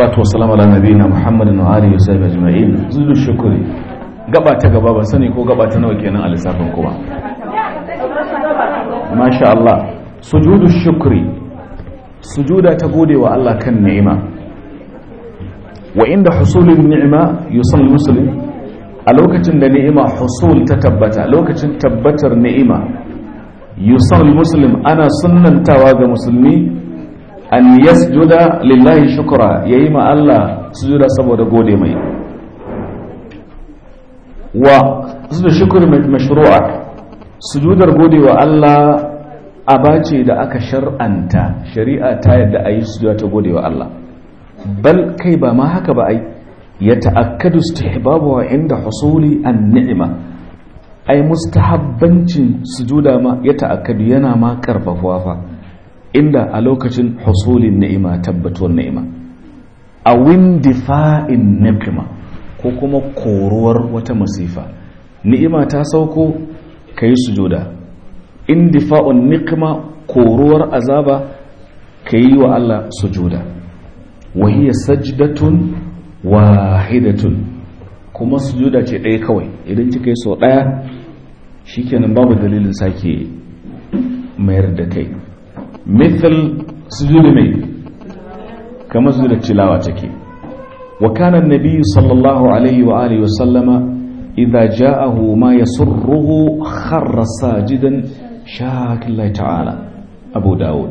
salatu wassalamu ala muhammadin shukuri gaba ta gaba ba sani ko gaba ta nawa kenan a lissafin kuma masha Allah sujudu sujuda ta gode wa Allah kan ni'ima wa inda husulin ni'ima yusalli muslim a lokacin da ni'ima husul ta tabbata lokacin tabbatar ni'ima yusalli muslim ana sunnantawa ga musulmi an yasjuda lillahi shukura yayi ma Allah sujuda saboda gode mai wa sujuda mai mashru'a sujudar gode wa Allah aba ce da aka shar'anta shari'a ta yadda ayi sujuda ta gode wa Allah bal kai ba ma haka ba ai ya ta'akkadu istihbabu inda husuli an ni'ima. ai mustahabbancin sujuda ma ya ta'akkadu yana ma karfafuwa fa inda a lokacin husulin ni'ima tabbatuwar ni'ima a windifa'in ni'ima ko kuma koruwar wata masifa ni'ima ta sauko ka yi sujuda indifa'un ni'ima koruwar azaba ka yi wa Allah sujuda wahiyar sajdatun wahidatun kuma sujuda ce ɗaya kawai idan kika yi sau ɗaya kenan babu dalilin sake mayar da kai مثل سجود mai كما سجود tilawa take وكان النبي صلى sallallahu alaihi wa وسلم wa sallama ما يسره ma ساجدا شاك الله تعالى ta'ala abu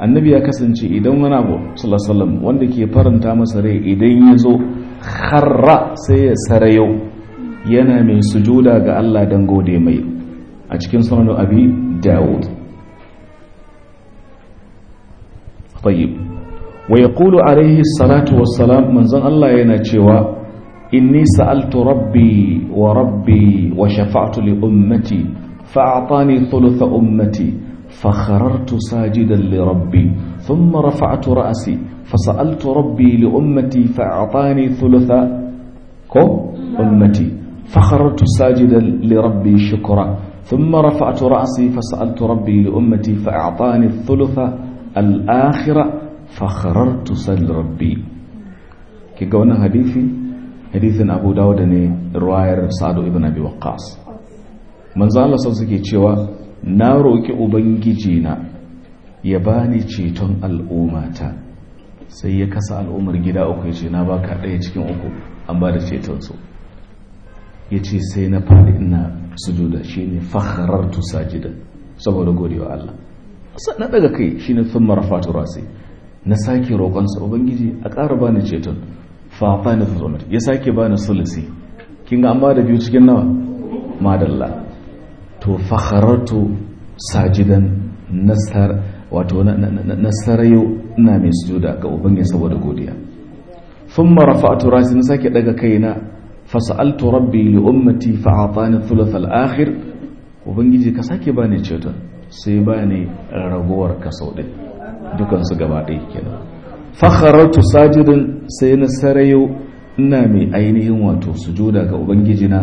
annabi ya kasance idan wani abu sallallahu wanda ke faranta masa rai idan ya zo kharra sai ya sarayau yana mai sujuda ga Allah dan gode mai a cikin sunan abi طيب ويقول عليه الصلاة والسلام من زن الله يناتشوا إني سألت ربي وربي وشفعت لأمتي فأعطاني ثلث أمتي فخررت ساجدا لربي ثم رفعت رأسي فسألت ربي لأمتي فأعطاني ثلث أمتي فخررت ساجدا لربي شكرا ثم رفعت رأسي فسألت ربي لأمتي فأعطاني الثلث al'akhira sal rabbi ki ga wannan hadisi hadisin abu dawud ne ruwayar Sadu ibn abi waqqas manzo Allah sau suke cewa na roki ubangiji na ya bani ceton al'umata sai ya kasa al'ummar gida uku ya ce na baka ɗaya cikin uku an ba da ceton su ya ce sai na faɗi ina sujuda shine fakharartu sajidan saboda godewa Allah na daga kai shi ne sun fatu rasi na sake roƙonsa ubangiji a ƙara ba ni ceton fafa ni fulonat ya sake ba ni sulisi kin ga amma da biyu cikin nawa madalla to fakharatu sajidan nasar wato nasarayo ina mai sujuda ga ubangiji saboda godiya mara fatu rasi na sake daga kaina fasa'altu rabbi li ummati fa'atani thuluthal akhir ubangiji ka sake ba ni ceton sai ba ne raguwar ɗin dukansu gaba ɗaya kenan fakharatu sajidin sai na sarayo ina mai ainihin wato sujuda ga ubangijina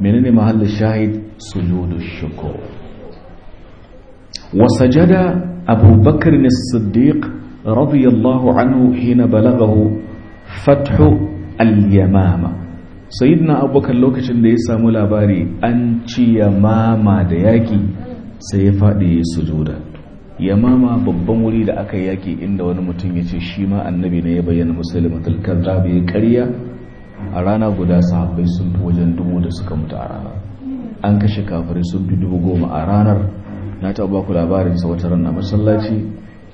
menene mahallin shahid sujudu shukur wa sajada abubakar ne siddiq radiyallahu anhu hina balagahu fathu alyamama. yamama na abubakar lokacin da ya samu labari an ci yamama da yaki sai ya faɗi ya sujuda babban wuri da aka yaki inda wani mutum ya ce shi ma annabi na ya bayyana musulmatul kazzab ya karya a rana guda sahabbai sun fi wajen dubu da suka mutu a ranar an kashe kafirai sun fi dubu goma a ranar na taɓa ba ku labarin sa wata rana masallaci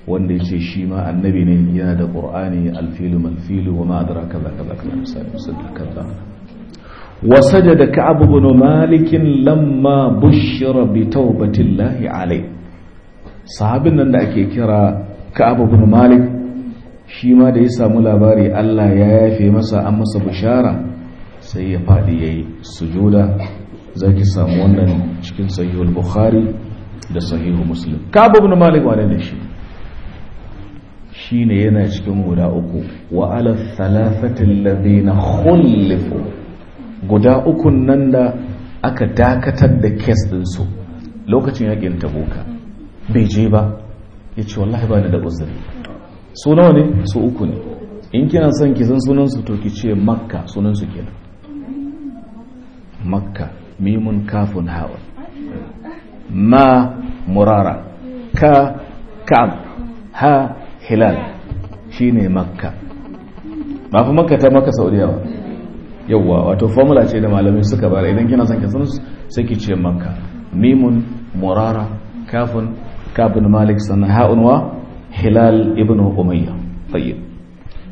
wanda ya ce shi ma annabi ne yana da ƙur'ani alfilu malfilu wa ma'adara kaza kaza kaza misali misali kaza ka كعب بن lamma bushira بشر بتوبة الله alai sahabin nan da ake kira Ka'ab ibn Malik shi ma da ya samu labari Allah ya yafe masa an masa bishara sai ya fadi yayi sujuda zaki samu wannan cikin sahih bukhari da sahih Muslim Ka'ab ibn Malik wane ne shi shine yana cikin guda uku wa ala thalathati na khulifu guda ukun nan da aka dakatar da kes ɗinsu lokacin yakin tabuka bai je ba ya ce wallahi ba ni da uzuri su nawa ne su uku ne in kina son ki san sunansu to ki ce makka sunansu kenan makka mimun kafin hawa ma murara ka ka'ab ha hilal shine makka ba fi makka ta makka saudiya ba yawwa wato formula ce da malamai suka bayar idan kina son kisan sai ki ce manka mimun murara kafin kafun malik sannan ha'un wa hilal ibnu umayya tayyib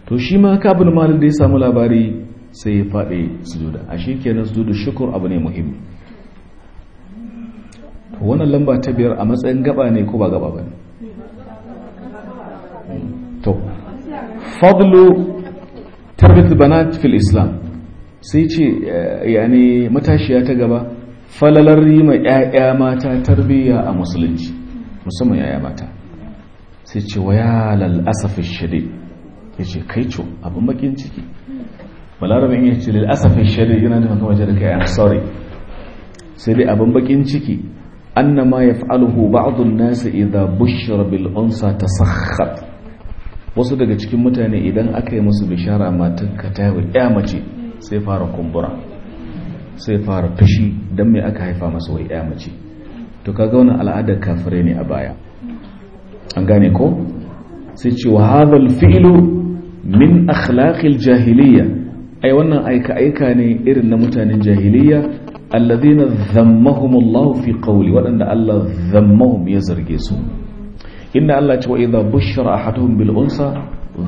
to shi ma kafin malik da ya samu labari sai ya faɗi sujuda a shi kenan sujudu shukur abu ne muhimmi to wannan lamba ta biyar a matsayin gaba ne ko ba gaba bane. to fadlu tarbit banat fil islam sai ce eh, yani matashiya ta gaba falalar yi ma 'ya'ya mata tarbiyya a musulunci musamman 'ya'ya mata sai ce wa ya lal'asafin shade ya ce kai co abin bakin ciki balarabin ya ce lal'asafin shade yana da makamace da kai i'm sorry sai dai abin bakin ciki annama ya fa'alhu ba'adun nasa idan bushar bil'unsa ta sakhat wasu daga cikin mutane idan aka yi musu bishara matan ka ta yi mace sai fara kumbura sai fara fushi don mai aka haifa masu wai ya mace to ka wani al'adar kafirai ne a baya an gane ko sai ce wa hadal fi'lu min akhlaqil jahiliya ai wannan aika aika ne irin na mutanen jahiliya alladhina zammahumullahu fi qawli wadanda Allah zammahum ya zarge su inda Allah ce wa idha bushira ahaduhum bil unsa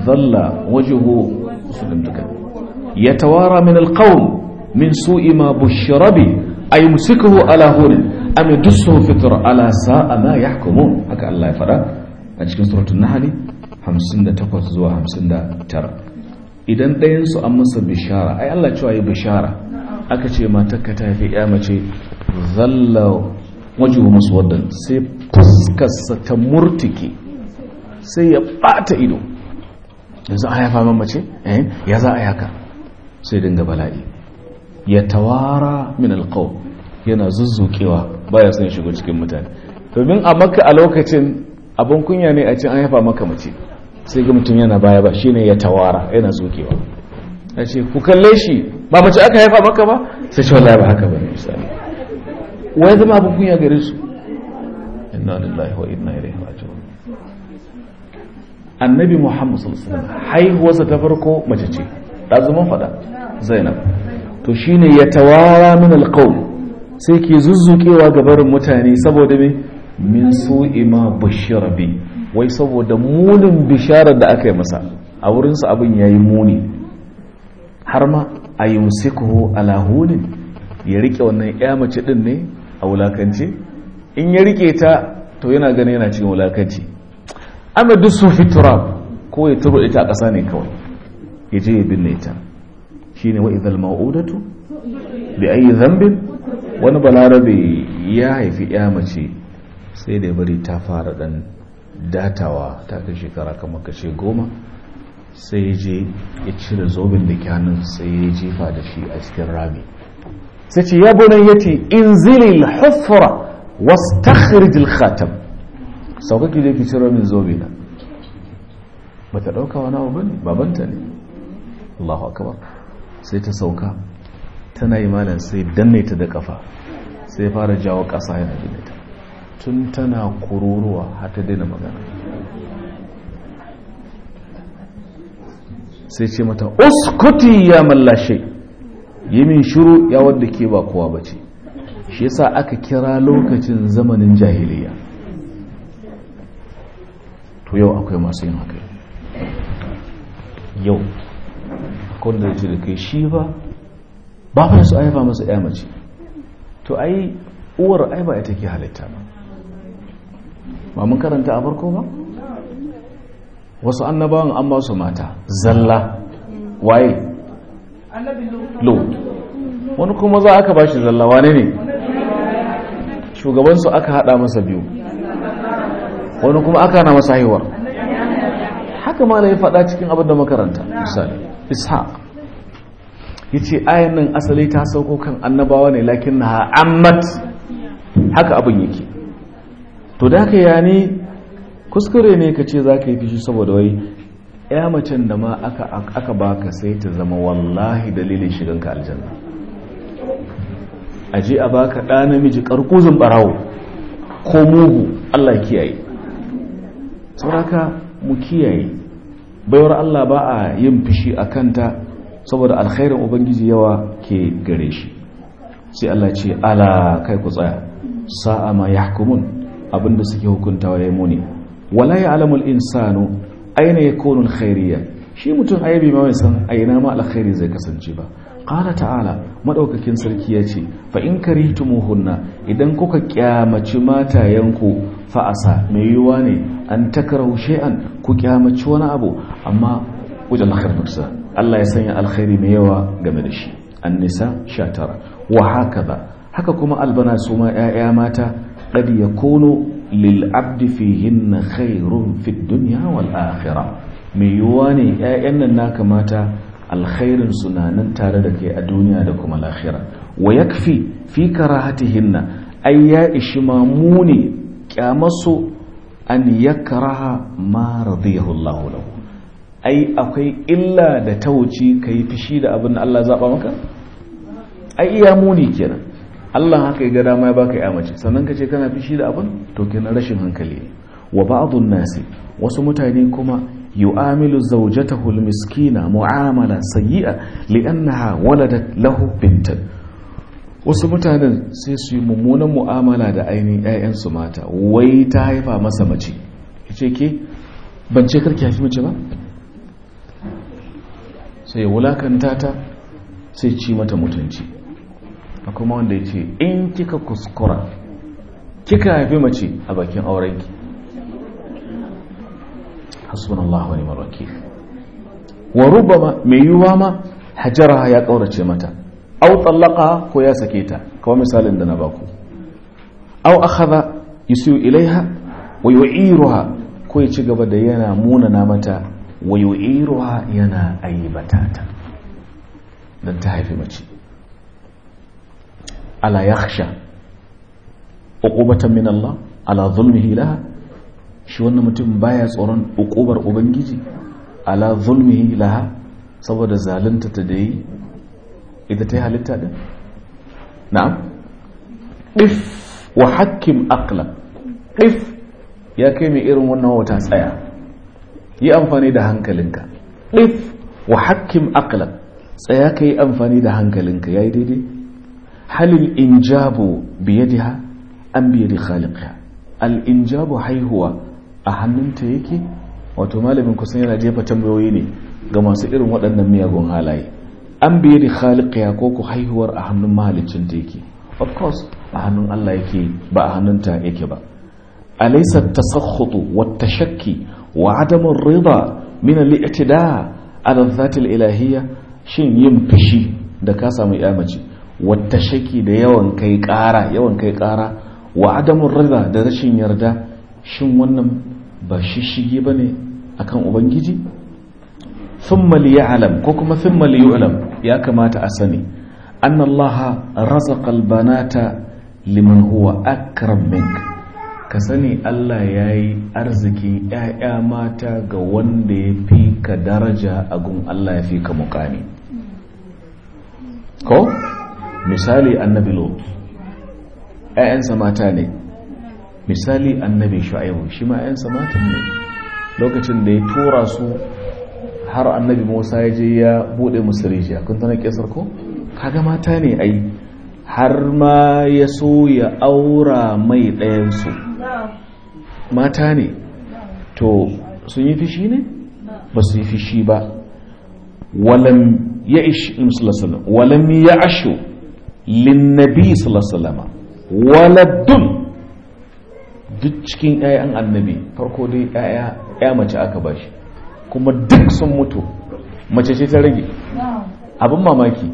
dhalla wajhu muslim yatawara min alqawm min su'i ma bushira bi ayumsikuhu ala hunin am yadussuhu fi ala sa'a ma yahkumun haka Allah ya faɗa a cikin suratul nahl 58 zuwa 59 idan ɗayan an masa bishara ai Allah cewa yi bishara aka ce matarka ta fi ya mace zalla wajuhu muswaddan sai fuskarsa ta murtike sai ya ɓata ido yanzu a haifa mamace ya za a yaka sai dinga bala'i ya tawara min alqaw yana zuzzukewa baya son shigo cikin mutane domin a makka a lokacin abin kunya ne a cin an yafa maka mace sai ga mutum yana baya ba shine ya tawara yana zukewa A ce ku kalle shi ba mace aka yafa maka ba sai shi wallahi ba haka ba ne misali wai zama abin kunya gare su inna lillahi wa inna ilaihi raji'un annabi muhammad sallallahu alaihi wasallam haihuwarsa ta farko mace ce ɗazumin faɗa zainab to shine ya tawara min alƙaun sai ke zuzzukewa ga barin mutane saboda me min su ima bashira bi wai saboda munin bisharar da aka yi masa a wurinsa abin ya yi muni har ma a yi musikuhu alahunin ya riƙe wannan ya mace ɗin ne a wulakanci in ya riƙe ta to yana gani yana cikin wulakanci Amadu duk su fi turab ko ya turo ita a ƙasa ne kawai ya je ya binne ta shi ne wa'izal ma'udatu da ayi zambin wani balarabe ya haifi ya mace sai da bari ta fara dan datawa ta kan shekara kamar kace goma sai ya je ya cire zobin da kyanin sai ya jefa da shi a cikin rami sai ce ya bunan ya ce in zilil hufura wasu takhirijil khatam sauƙaƙi da ke cire min zobe na ba ta ɗauka wani abu ba ne babanta ne Allahu akbar sai ta sauka tana yi malam sai danne ta da kafa sai fara jawo ƙasa yana gida ta tun tana kururuwa har ta daina magana sai ce mata uskuti ya mallashe yi min shiru ya wanda ke ba kowa bace shi yasa aka kira lokacin zamanin jahiliya to yau akwai masu yin haka yau kawai da ce da kai shi ba ba fa su aifa masa ya mace to ai uwar ai ba ita ke halitta ba ba mun karanta a farko ba wasu annabawan an ba su mata zalla waye lo wani kuma za aka ba shi zalla wane ne shugabansu aka hada masa biyu wani kuma aka na masa haihuwar haka ma na yi fada cikin abin da makaranta misali ishaq ya ce ayan nan asali ta sauko kan annabawa ne lakin na ammat haka abin yake to da ka ya ne kuskure ne ka ce za ka yi shi saboda wai ya macen da ma aka baka sai ta zama wallahi dalilin shiganka aljanna je a baka ɗa namiji ƙarƙuzin ɓarawo ko mugu allah kiyaye sauraka mu kiyaye baiwar Allah ba a yin fishi a kanta saboda alkhairin ubangiji yawa ke gare shi sai Allah ce ala kai ku tsaya sa'a ma yahkumun abinda suke hukuntawa yayi muni wala ya'lamul insanu aina yakunu alkhairiyya shi mutum ayyabi ma bai san aina ma alkhairi zai kasance ba qala ta'ala madaukakin sarki ya ce fa in karihtumuhunna idan kuka kyamaci mata yanku fa'asa mai yiwa ne an takrahu shay'an ku ƙyamaci wani abu amma wajen kharnusa Allah ya sanya alkhairi mai yawa game da shi An nisa shatar, wa hakaza haka kuma albana su ma 'ya'ya mata qad yakunu lil abdi fihinna khairun fid dunya wal akhira. mai yiwa ne 'ya'yan nan naka mata alkhairin sunanan tare da kai a duniya da kuma lahira wa yakfi fi karahatihinna ai ya ishi ma muni kyamasu an karaha ma radiyahu Allah lahu ai akwai illa da ta wuce kai fishi da abin da Allah zaba maka ai iya muni kenan Allah haka ya ga dama ya baka ya mace sannan ka ce kana fishi da abin to kenan rashin hankali ne wa ba'dun nasi wasu mutane kuma yu'amilu zawjatahu al-miskina mu'amala sayyi'a li'annaha waladat lahu wasu mutanen sai su yi mummunan mu'amala da ainihin 'ya'yansu mata wai ta haifa masa mace ce ke ban ce karki haifi mace ba sai wulakanta ta sai ci mata mutunci a kuma wanda ya ce in kika kuskura kika haifi mace a bakin aurenki hasbunallahu Allah wani wakil wa rubbama mai yiwuwa ma hajaraha ya ƙaurace mata Au tsallaka ko ya sake ta kawai misalin da na baku aw akhadha yusiu ilaiha wa yu'iruha ko ya ci gaba da yana munana mata wa yu'iruha yana aibata ta dan ta haifi mace ala yakhsha uqubatan min Allah ala zulmihi laha shi wannan mutum baya tsoron ukubar ubangiji ala zulmihi laha saboda zalunta ta da yi ita ta yi halitta din na'am if wa hakim akla if ya kai mai irin wannan wata tsaya yi amfani da hankalinka if wa hakim akla tsaya ka yi amfani da hankalinka ya yi daidai halil injabu biyadiha an biyadi khaliqiha al injabu haihuwa a hannunta yake wato malamin kusan yana jefa tambayoyi ne ga masu irin waɗannan miyagun halaye an biye da khaliqiya ko ku haihuwar a hannun mahalicin ta yake of course a hannun Allah yake ba a hannunta yake ba alaysa tasakhutu wat tashakki wa adam ar-ridha min al-i'tida ala dhat al-ilahiyya shin yin fishi da ka samu iyamaci wata tashakki da yawan kai kara yawan kai ƙara wa adam ar da rashin yarda shin wannan ba shishigi ba ne a kan ubangiji ya alam ko kuma thumma liya'lam ya kamata a sani anna rasa razaqa albanata liman huwa akram mink ka sani allah ya yi arziki yaya mata ga wanda ya fi ka daraja a gun allah ya fi ka mukami ko misali annabi lot 'ya'yansa mata ne misali annabi shu'aibu shi ma matan ne lokacin da ya tura su har annabi musa ya je ya bude musu rijiya kun tana ko kaga mata ne ai har ma ya so ya aura mai ɗayansu mata ne to sun yi fishi ne ba su yi fishi ba walam ya ishi walam ya ashu lin nabi waladdun duk cikin 'ya'yan annabi farko dai 'ya'ya mace aka bashi shi kuma duk sun mutu mace ce ta rage abin mamaki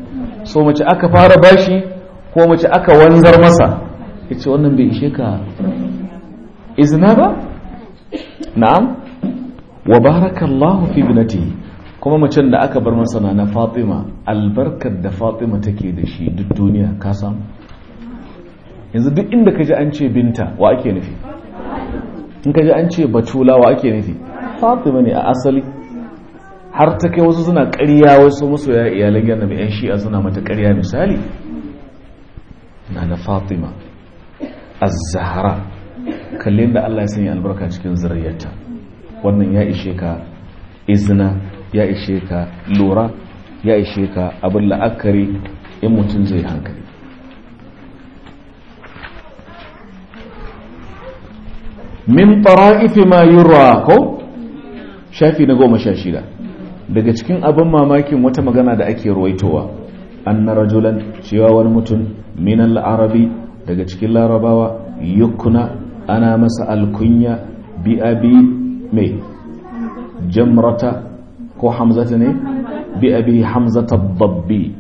so mace aka fara bashi ko mace aka wanzar masa ya ce wannan bai ishe ka izina ba na'am wa barakallahu fi binati kuma macen da aka bar masa na fatima albarkar da fatima take da shi duk duniya ka samu yanzu duk inda ka ji an ce binta wa ake nufi in ka ji an ce batulawa ake nufi fatima ne a asali har ta kai wasu suna karya wasu masoya iyalan yana mai 'yan shi'a suna mata karya, misali na na fatima A zahara kallin da Allah ya sanya albarka cikin zuriyarta wannan ya ishe ka izina ya ishe ka lura ya ishe ka abin la'akari in mutum zai hankali min tara'ifi ma yura ko shafi na goma sha shida daga cikin abin mamakin wata magana da ake ruwaitowa anna rajulan cewa wani mutum min la'arabi. daga cikin larabawa yukuna ana masa alkunya bi abi mai jamrata ko hamzata ne bi abi hamzata babbi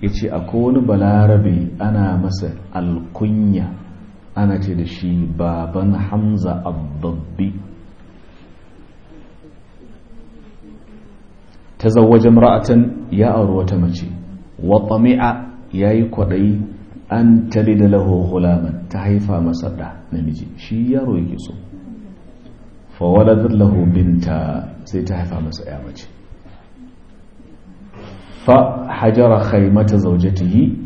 yace akwai wani balarabe ana masa alkunya ana ce da shi baban hamza abbabbi ta zawajen ra'atan ya auri wata mace wa ya yi kwaɗayi an tali da lahohulaman ta haifa masa ɗa namiji shi yaro yake so fawaladar lahobinta ta sai ta haifa masa ya mace fa zauje ta yi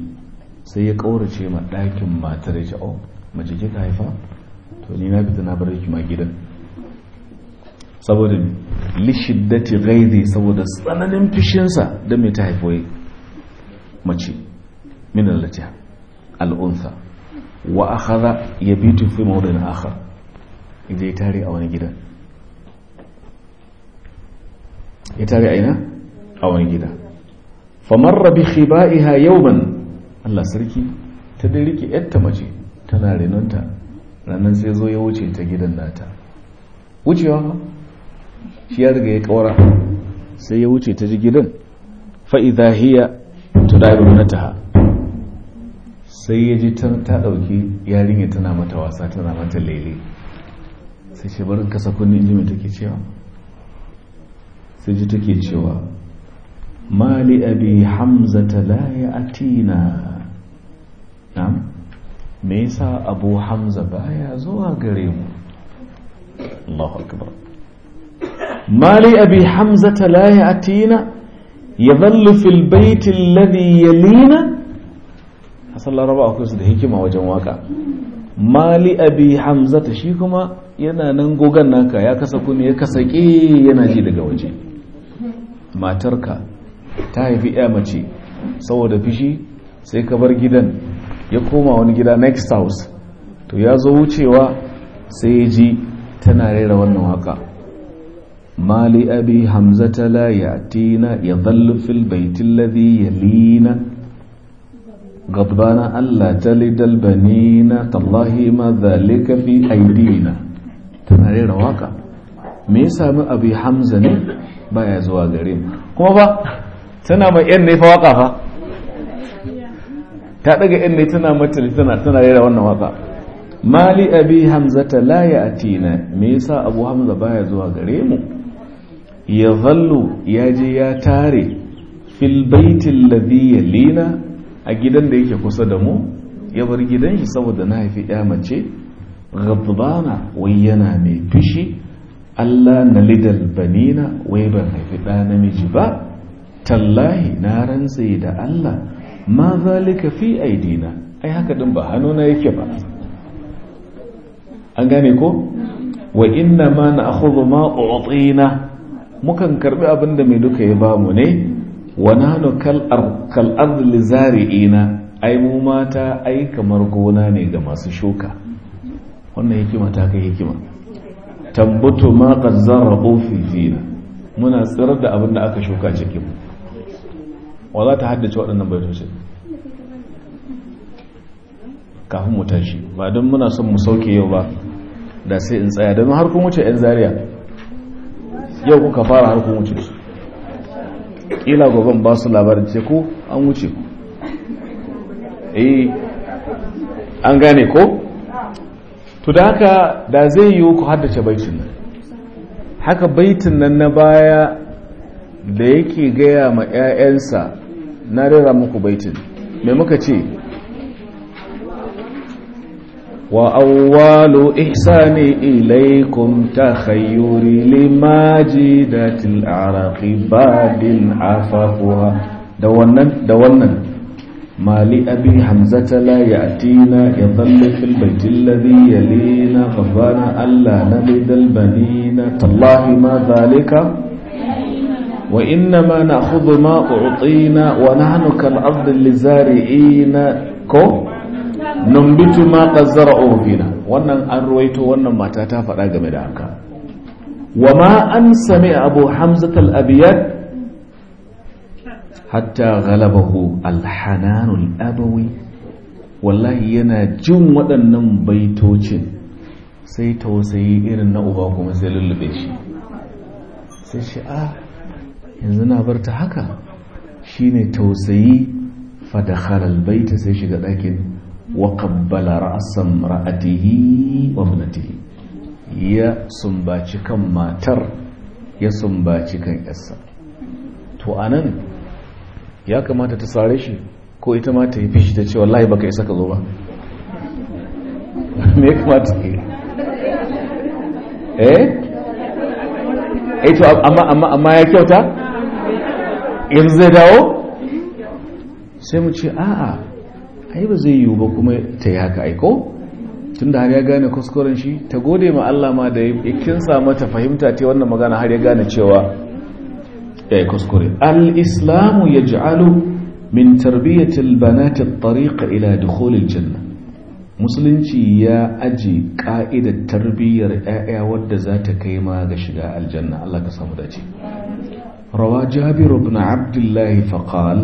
sai ya ƙaurace ma ɗakin matar ya ce oh, mace ke ka haifa to ni na fita na bar ki ma gidan saboda lishiddati shiddati saboda tsananin fishinsa da mai ta haifoye mace min allati al-untha ya bi yabitu fi mawdin akhar idan ya tare a wani gidan ya tare a ina a wani gida khiba'iha Allah sarki ta dai rike yatta mace tana renonta ranar sai zo ya wuce ta gidan nata wucewa shi ya riga ya kawara sai ya wuce ta ji gidan fa'iza hiya tudaru na sai ya ji ta ɗauki yarinya tana mata wasa tana mata lele sai shi barin kasa kunni inji mai take cewa sai ji take cewa mali abi ta la ya atina na'am me yasa abu hamza baya zuwa gare mu Allahu akbar mali abi hamza la ya'tina yadhallu fil bayt alladhi yalina hasan laraba akwai su da hikima wajen waka mali abi hamza shi kuma yana nan gogan naka ya kasa kuma ya kasa ƙi yana ji daga waje matarka ta haifi ya mace saboda fishi sai ka bar gidan ya koma wani gida next house to ya zo wucewa sai ya ji tana rera wannan waka mali abi hamzata la yatina ya zallu fil baitin ladhi yalina allah talidal تلد البنين تالله ما ذلك في tana rera waka. me ya sami abu hamza ne ba ya zuwa gare mu kuma ba tana mai yan nefa waka fa ta daga yan ne tana mata tana tana rera wannan waka mali abi hamzata la Tina me yasa abu hamza ya zuwa gare mu ya zallu ya je ya tare fil baitin ladhi yalina a gidan da yake kusa da mu ya bar gidan shi saboda na haifi ya mace ghadbana wai yana mai fishi Allah na lidal banina wai ban haifi ɗa namiji ba tallahi na rantse da Allah ma zalika fi aidina ai haka din ba hannuna yake ba an gane ko wa inna ma na'khudhu ma u'tina mukan karbi abinda mai duka ya bamu ne wa nahnu kal kal ardh zari'ina ai mu mata ai kamar gona ne ga masu shuka wannan hikima ta kai hikima tambutu ma qad zarrabu fi fina muna tsirar da abinda aka shuka cikin mu wa za ta haddace waɗannan baitocin kafin mu tashi ba don muna son mu sauke yau ba da sai in tsaya don har kun wuce 'yan zariya yau kuka fara har kuma wuce su ƙila goban ba su labarin ce ko an wuce ku e an gane ko to da haka da zai yi ku haddace baitin nan haka baitin nan na baya da yake gaya ma 'ya'yansa na rera muku baitin me muka ce wa awwalu ihsani ilaykum takhayyuri limajidatil araqi badin afafuha da wannan da wannan mali abi hamzata la yatina yadhallu fil bayti alladhi yalina na alla nabidal banina tallahi ma dhalika وإنما نأخذ ما أعطينا ونحن كالعبد للزارعين كو ننبت ما قد زرعوه فينا wannan an ruwaito wannan mata ta faɗa game da haka wa ma an sami abu hamzat al-abiyad hatta ghalabahu al-hananul abawi wallahi yana jin waɗannan baitocin sai tausayi irin na uba kuma sai lullube shi yanzu na bar ta haka shine tausayi fa dakhala ta sai shiga ɗakin wa qabbala ra'adihi ra'atihi wa ibnatihi ya sumbaci kan matar ya sumbaci kan yarsa to anan ya kamata ta sare shi ko ita ma ta yi fishi ta ce wallahi baka isa ka zo ba me ya kamata ke eh eh to amma amma amma ya kyauta yanzu zai dawo sai mu ce a'a ai ba zai yiwu ba kuma ta yi haka aiko tun da har ya gane kuskuren shi ta gode ma Allah ma da ya kinsa mata fahimta ta wannan magana har ya gane cewa ya yi kuskure al-islamu ya ji'alu min tarbiyyatil ta tariqa ila dukhulil janna musulunci ya aji ka'idar tarbiyyar 'ya'ya wadda za ta kai ma ga shiga aljanna Allah ka samu dace روى جابر بن عبد الله فقال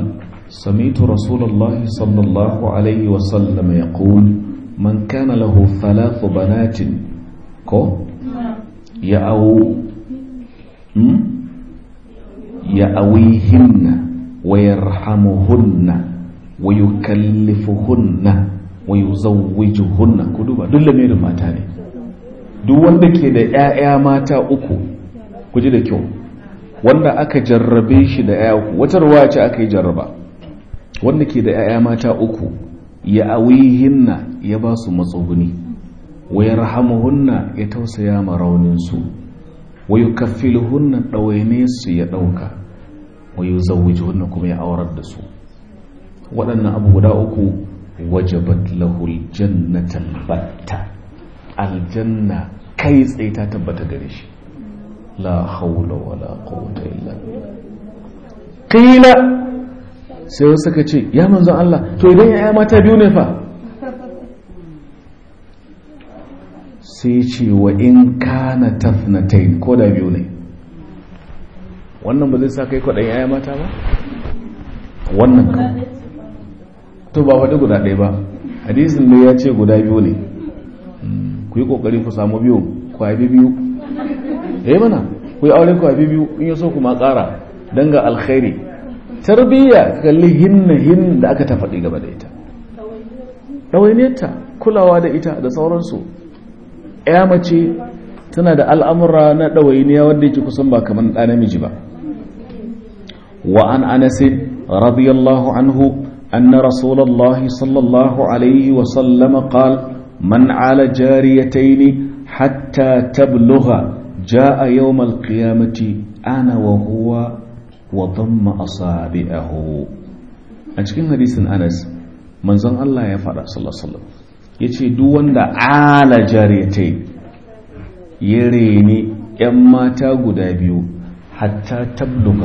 سمعت رسول الله صلى الله عليه وسلم يقول من كان له ثلاث بنات كو يأو يأويهن ويرحمهن ويكلفهن ويزوجهن كدوبا دول ميرو ماتاني duk wanda ke da 'ya'ya mata uku ku ji da kyau wanda aka jarrabe shi da ya uku wata ruwa ce aka yi jarraba wanda ke da ya mata uku ya awihinna ya ba su matsuguni Wai ya rahamuhunna ya tausaya ma rauninsu wa hunna ɗawai ɗawaine su ya ɗauka wa yi hunna kuma ya aurar da su waɗannan abu guda uku wajabat lahul jannatan batta aljanna kai tsaye ta tabbata gare shi la haula wala quwwata illa qila sai wasu suka ce ya manzon Allah to idan yaya mata biyu ne fa sai ce wa in kana tafnatain ko da biyu ne wannan ba zai sa kai kwaɗan yaya mata ba wannan kan to ba faɗi guda ɗaya ba hadisin ne ya ce guda biyu ne hmm. ku yi ƙoƙarin ku samu biyu ku haifi biyu eh mana ku yi aure ku a biyu in yaso ku ma ƙara dan ga alkhairi tarbiyya kalli hinna hin da aka ta faɗi gaba da ita ɗawainiyarta kulawa da ita da sauransu ya mace tana da al'amura na ɗawainiya wanda yake kusan ba kamar ɗa namiji ba wa an anasin radiyallahu anhu أن Rasulallah Sallallahu alaihi الله عليه وسلم قال من على جاريتين حتى جاء يوم القيامة أنا وهو وضم أصابعه أجل حديث أنس من زن الله يفعل صلى الله عليه وسلم يتي دوان دا على جاريتي يريني يما تاقود أبيو حتى تبلغ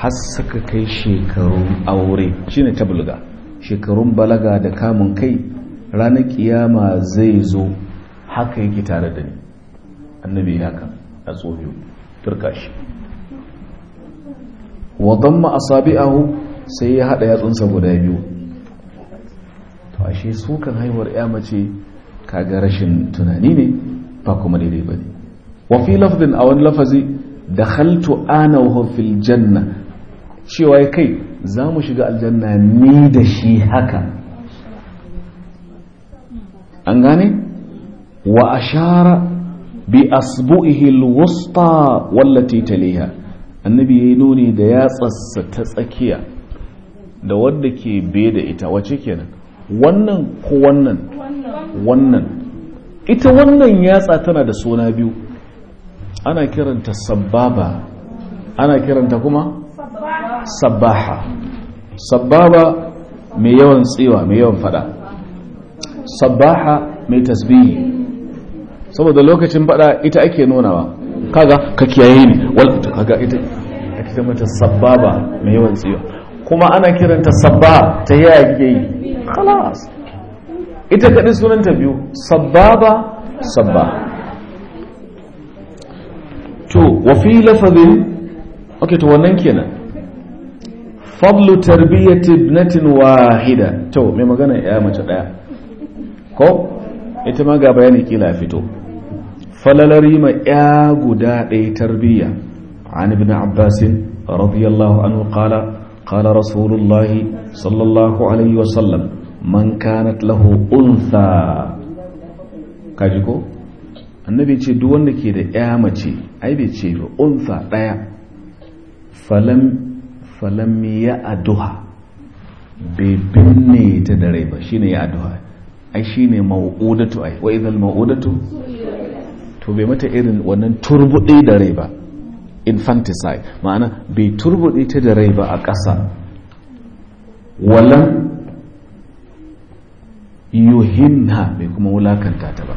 حسك كي شكرون أوري شين تبلغ شكرون balaga da kamun kai ranar kiyama zai zo haka yake tare da a tsohiyo turka shi ma'asabi'ahu sai ya haɗa yatsunsa guda biyu to ashe su kan haihuwar ya mace kaga rashin tunani ne ba kuma daidai ba ne wafi lafazin a wani lafazi da haltu ana fil janna cewa kai za mu shiga aljanna ni da shi haka an gane wa ashara bi asbu'ihi alwusta wallati taliha annabi yayi nuni da yatsarsa ta tsakiya da wadda ke be da ita wace kenan wannan ko wannan wannan ita wannan yatsa tana da suna biyu ana kiranta sababa ana kiranta kuma sabaha sababa mai yawan tsiwa mai yawan fada sabaha mai tasbihi saboda lokacin fada ita ake nunawa kaga ka kiyaye ni wal kaga ita ake ta mata sababa mai yawan tsiyo kuma ana kiranta sabba ta yaya yi khalas ita sunan sunanta biyu sababa sabba to wa fi lafazin oke to wannan kenan fadlu tarbiyati ibnatin wahida to mai magana ya mace daya ko ita ma ga bayani kila fito falalari ma ya guda ɗaya tarbiyya an ibn abbasin radiyallahu anhu qala qala rasulullahi sallallahu alaihi sallam man kanat lahu untha kaji ko annabi ce duk wanda ke da ya mace ai bai ce ba untha daya falam falam ya aduha bai binne ta da rai ba shine ya aduha ai shi ne ma'udatu ai wa idan ma'udatu to bai mata irin wannan turbuɗe da rai ba infanticide ma'ana bai turbuɗe ta da rai ba a ƙasa walan yuhinna bai kuma wulakanta ta ba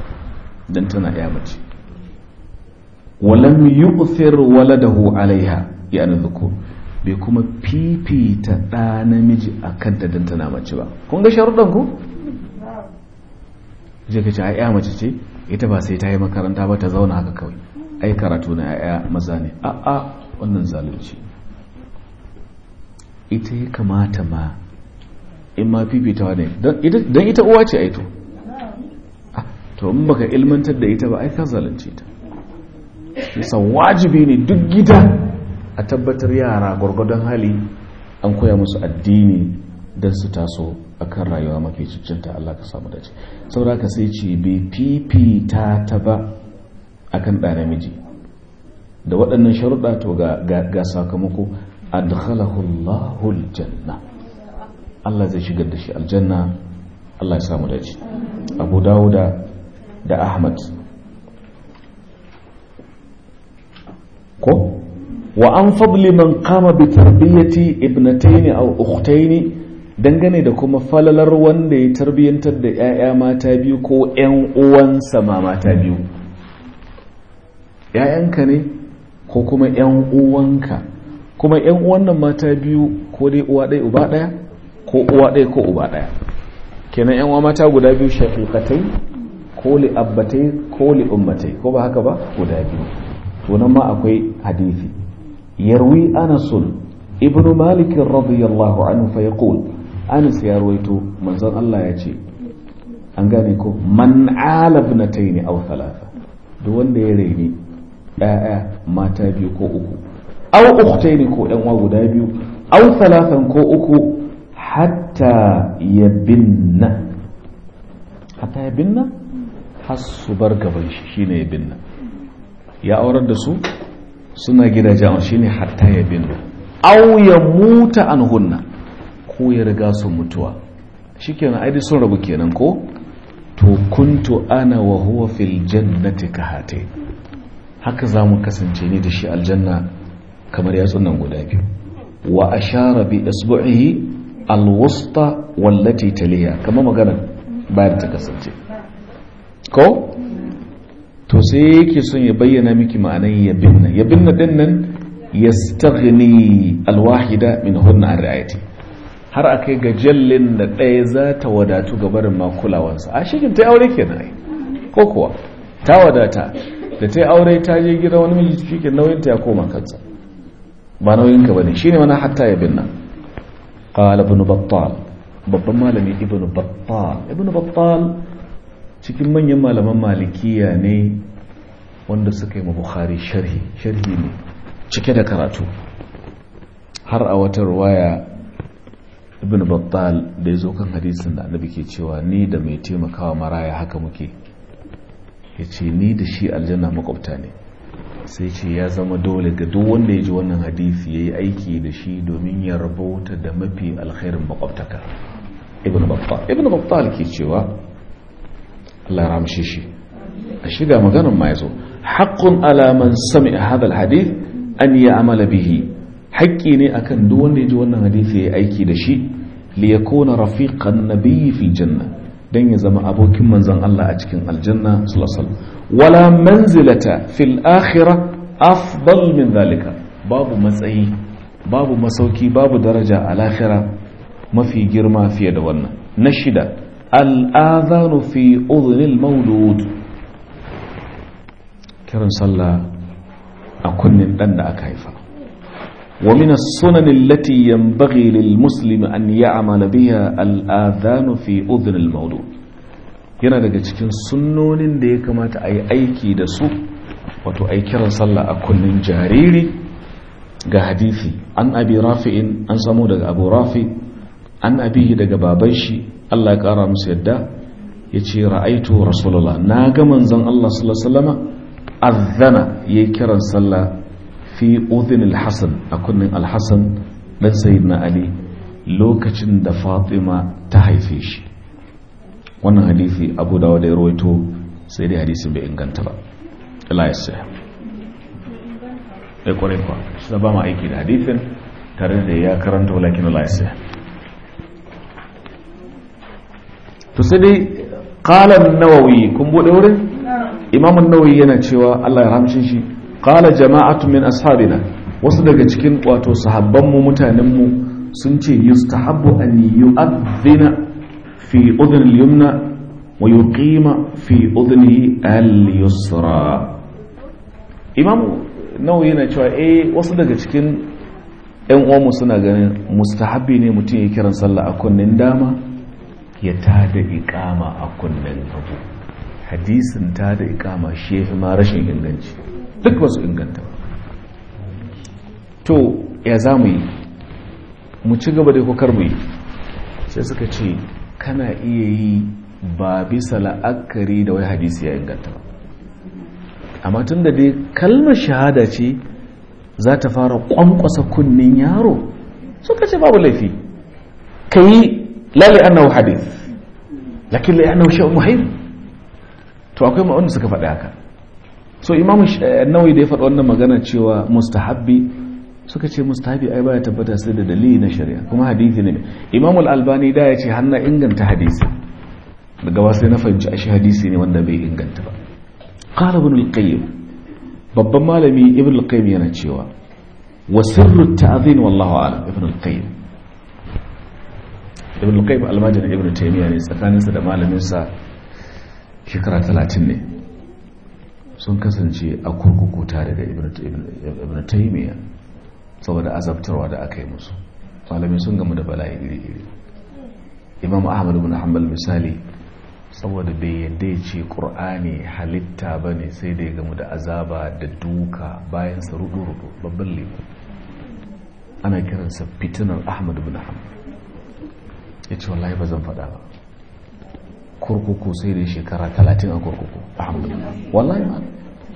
don tana ya mace walan yu'thir waladahu alaiha ya na bai kuma fifita ɗa namiji a kanta don tana mace ba kun ga sharuɗan ku zai kace ai mace ce ita ba sai ta yi makaranta ba ta zauna haka kawai ai karatu na ayya maza ne a a wannan zalunci ita ya kamata ma in ma wa ne don ita uwa ce aito ah, to in baka ilmantar da ita ba ai ka zalunce ta nisa wajibi ne duk gida a tabbatar yara gwargwadon hali an koya musu addini don su taso akan rayuwa mafi cancanta Allah ka samu dace saboda ka sai ce bai fifita ta ba akan ɗa namiji da waɗannan sharuɗa to ga sakamako adkhalahu Allahu janna. Allah zai shigar da shi aljanna Allah ya samu dace Abu Dawuda da Ahmad ko wa an fadli man qama bi tarbiyati ibnataini aw ukhtaini dangane da kuma falalar wanda ya tarbiyyantar da 'ya'ya mata biyu ko 'yan uwansa ma mata biyu 'ya'yanka ne ko kuma 'yan uwanka kuma 'yan uwannan mata biyu ko dai uwa ɗaya uba ɗaya ko uwa ɗaya ko uba ɗaya kenan 'yan uwa mata guda biyu shafiƙatai ko li abbatai ko li ummatai ko ba haka ba guda biyu tunan ma akwai hadisi yarwi anasul ibnu malik radiyallahu anhu fa yaqul anas ya ruwaito manzon Allah ya ce an gane ko man alab na ta ne au talata da wanda ya raini ɗaya mata biyu ko uku au uktai ne ko ɗan guda biyu au talatan ko uku hatta ya binna hatta ya binna har su bar gaban shi shine ya binna ya aurar da su suna gidajen shine hatta ya binna au ya muta an hunna ko ya riga su mutuwa kenan ai sun rabu kenan ko to kuntu ana wa huwa fil jannati kahate haka za mu kasance ne da shi aljanna kamar yatsun nan guda biyu wa ashara bi isbu'ihi alwusta wallati taliya kamar magana bayan ta kasance ko to sai yake son ya bayyana miki ma'anan Ya binna din nan yastaghni alwahida min hunna an ra'ayati har a kai ga jallin da ɗaya za ta wadatu ga barin makulawansa a shikin ta aure ke nai ko kuwa ta wadata da ta yi aure ta je gida wani miji shi ke nauyin ta ya koma kansa ba nauyin ka bane shine wani hatta ya binna qala ibn battal babban malami ibn battal ibn battal cikin manyan malaman malikiya ne wanda suka yi ma bukhari sharhi sharhi ne cike da karatu har a wata ruwaya ibn battal da ya zo kan hadisin da annabi ke cewa ni da mai taimakawa maraya haka muke ya ce ni da shi aljanna makwabta ne sai ce ya zama dole ga duk wanda ya ji wannan hadisi ya yi aiki da shi domin ya rabauta da mafi alkhairin makwabtaka ibn battal ibn battal ke cewa Allah ramshe shi a shiga maganar ma ya zo haƙƙun alaman sami a hadal hadith an yi amala bihi haƙƙi ne akan duk wanda ya ji wannan hadisi ya aiki da shi Liyakuna rafiƙan rafiqan nabiyyi fi janna dan ya zama abokin manzon Allah a cikin aljanna sallallahu wala manzilata fil akhirah afdal min zalika babu matsayi babu masauki babu daraja a lahira mafi girma fiye da wannan na shida al'adhanu fi udhnil maulud kiran sallah a kunnen dan da aka haifa ومن السنن التي ينبغي للمسلم أن يعمل بها الآذان في أذن المولود yana daga cikin sunnonin da ya kamata a yi aiki da su wato a yi kiran sallah a kullum jariri ga hadithi an abi rafi'in an samo daga abu rafi an abihi daga baban shi allah ya kara musu yadda ya ce ra'aitu rasulullah na ga manzon allah sallallahu alaihi wasallama azzana yayi kiran sallah fi udhin al a kunnin alhassan hasan dan sayyidina ali lokacin da fatima ta haife shi wannan hadisi abu dawo da ya rawaito sai dai hadisin bai inganta ba Allah ya sa ya eh, kware kwa shi ba ma aiki da hadisin tare da ya karanta walakin Allah ya sa to sai dai kalan an-nawawi kun buɗe wurin imam an-nawawi yana cewa Allah ya rahmshin shi qala jama'atu min ashabina wasu daga cikin wato sahabbanmu mutanenmu sun ce yustahabbu an yu'adhdhina fi udhni al-yumna wa yuqima fi udhni al-yusra imamu nawawi yana cewa eh wasu daga cikin ƴan uwanmu suna ganin mustahabbi ne mutum ya kiran sallah a kunnen dama ya tada iqama a kunnen hagu hadisin tada iqama shi ma rashin inganci duk ba su inganta ba to ya za mu yi mu ci gaba da kokar mu yi sai suka ce kana iya yi ba bisa la'akari da wai hadisi ya inganta ba amma tun da dai kalmar shahada ce za ta fara kwankwasa kunnin yaro suka ce babu laifi ka yi lalai annahu hadith lakin lalai annahu shi'a muhaim to akwai ma'aunin suka faɗi haka so imamu eh, nawai da ya faɗi wannan magana cewa mustahabbi suka ce mustahabi ai baya tabbata sai da dalili na shari'a kuma hadisi ne imamu al-albani da ya ce hanna inganta hadisi daga wasu na fahimci ashe hadisi ne wanda bai inganta ba qala ibn al-qayyim babban malami ibn al-qayyim yana cewa wa sirru ta'zin wallahu a'lam ibn al-qayyim ibn al-qayyim al majdi ibn taymiyyah ne tsakaninsa da malamin sa shekara 30 ne sun kasance a kurkuku tare da ibn taimiyya saboda azabtarwa da aka yi musu malamai sun gamu da bala'i iri-iri imam ahmad ibn hanbal misali saboda bai yadda ya ce ƙur'ani halitta ba ne sai da ya gamu da azaba da duka bayan sa rudu-rudu babban ana kiransa fitinar ahmad ibn hanbal ya ce wallahi ba zan faɗa ba kurkuku sai da shekara talatin a kurkuku alhamdulillah wallahi ma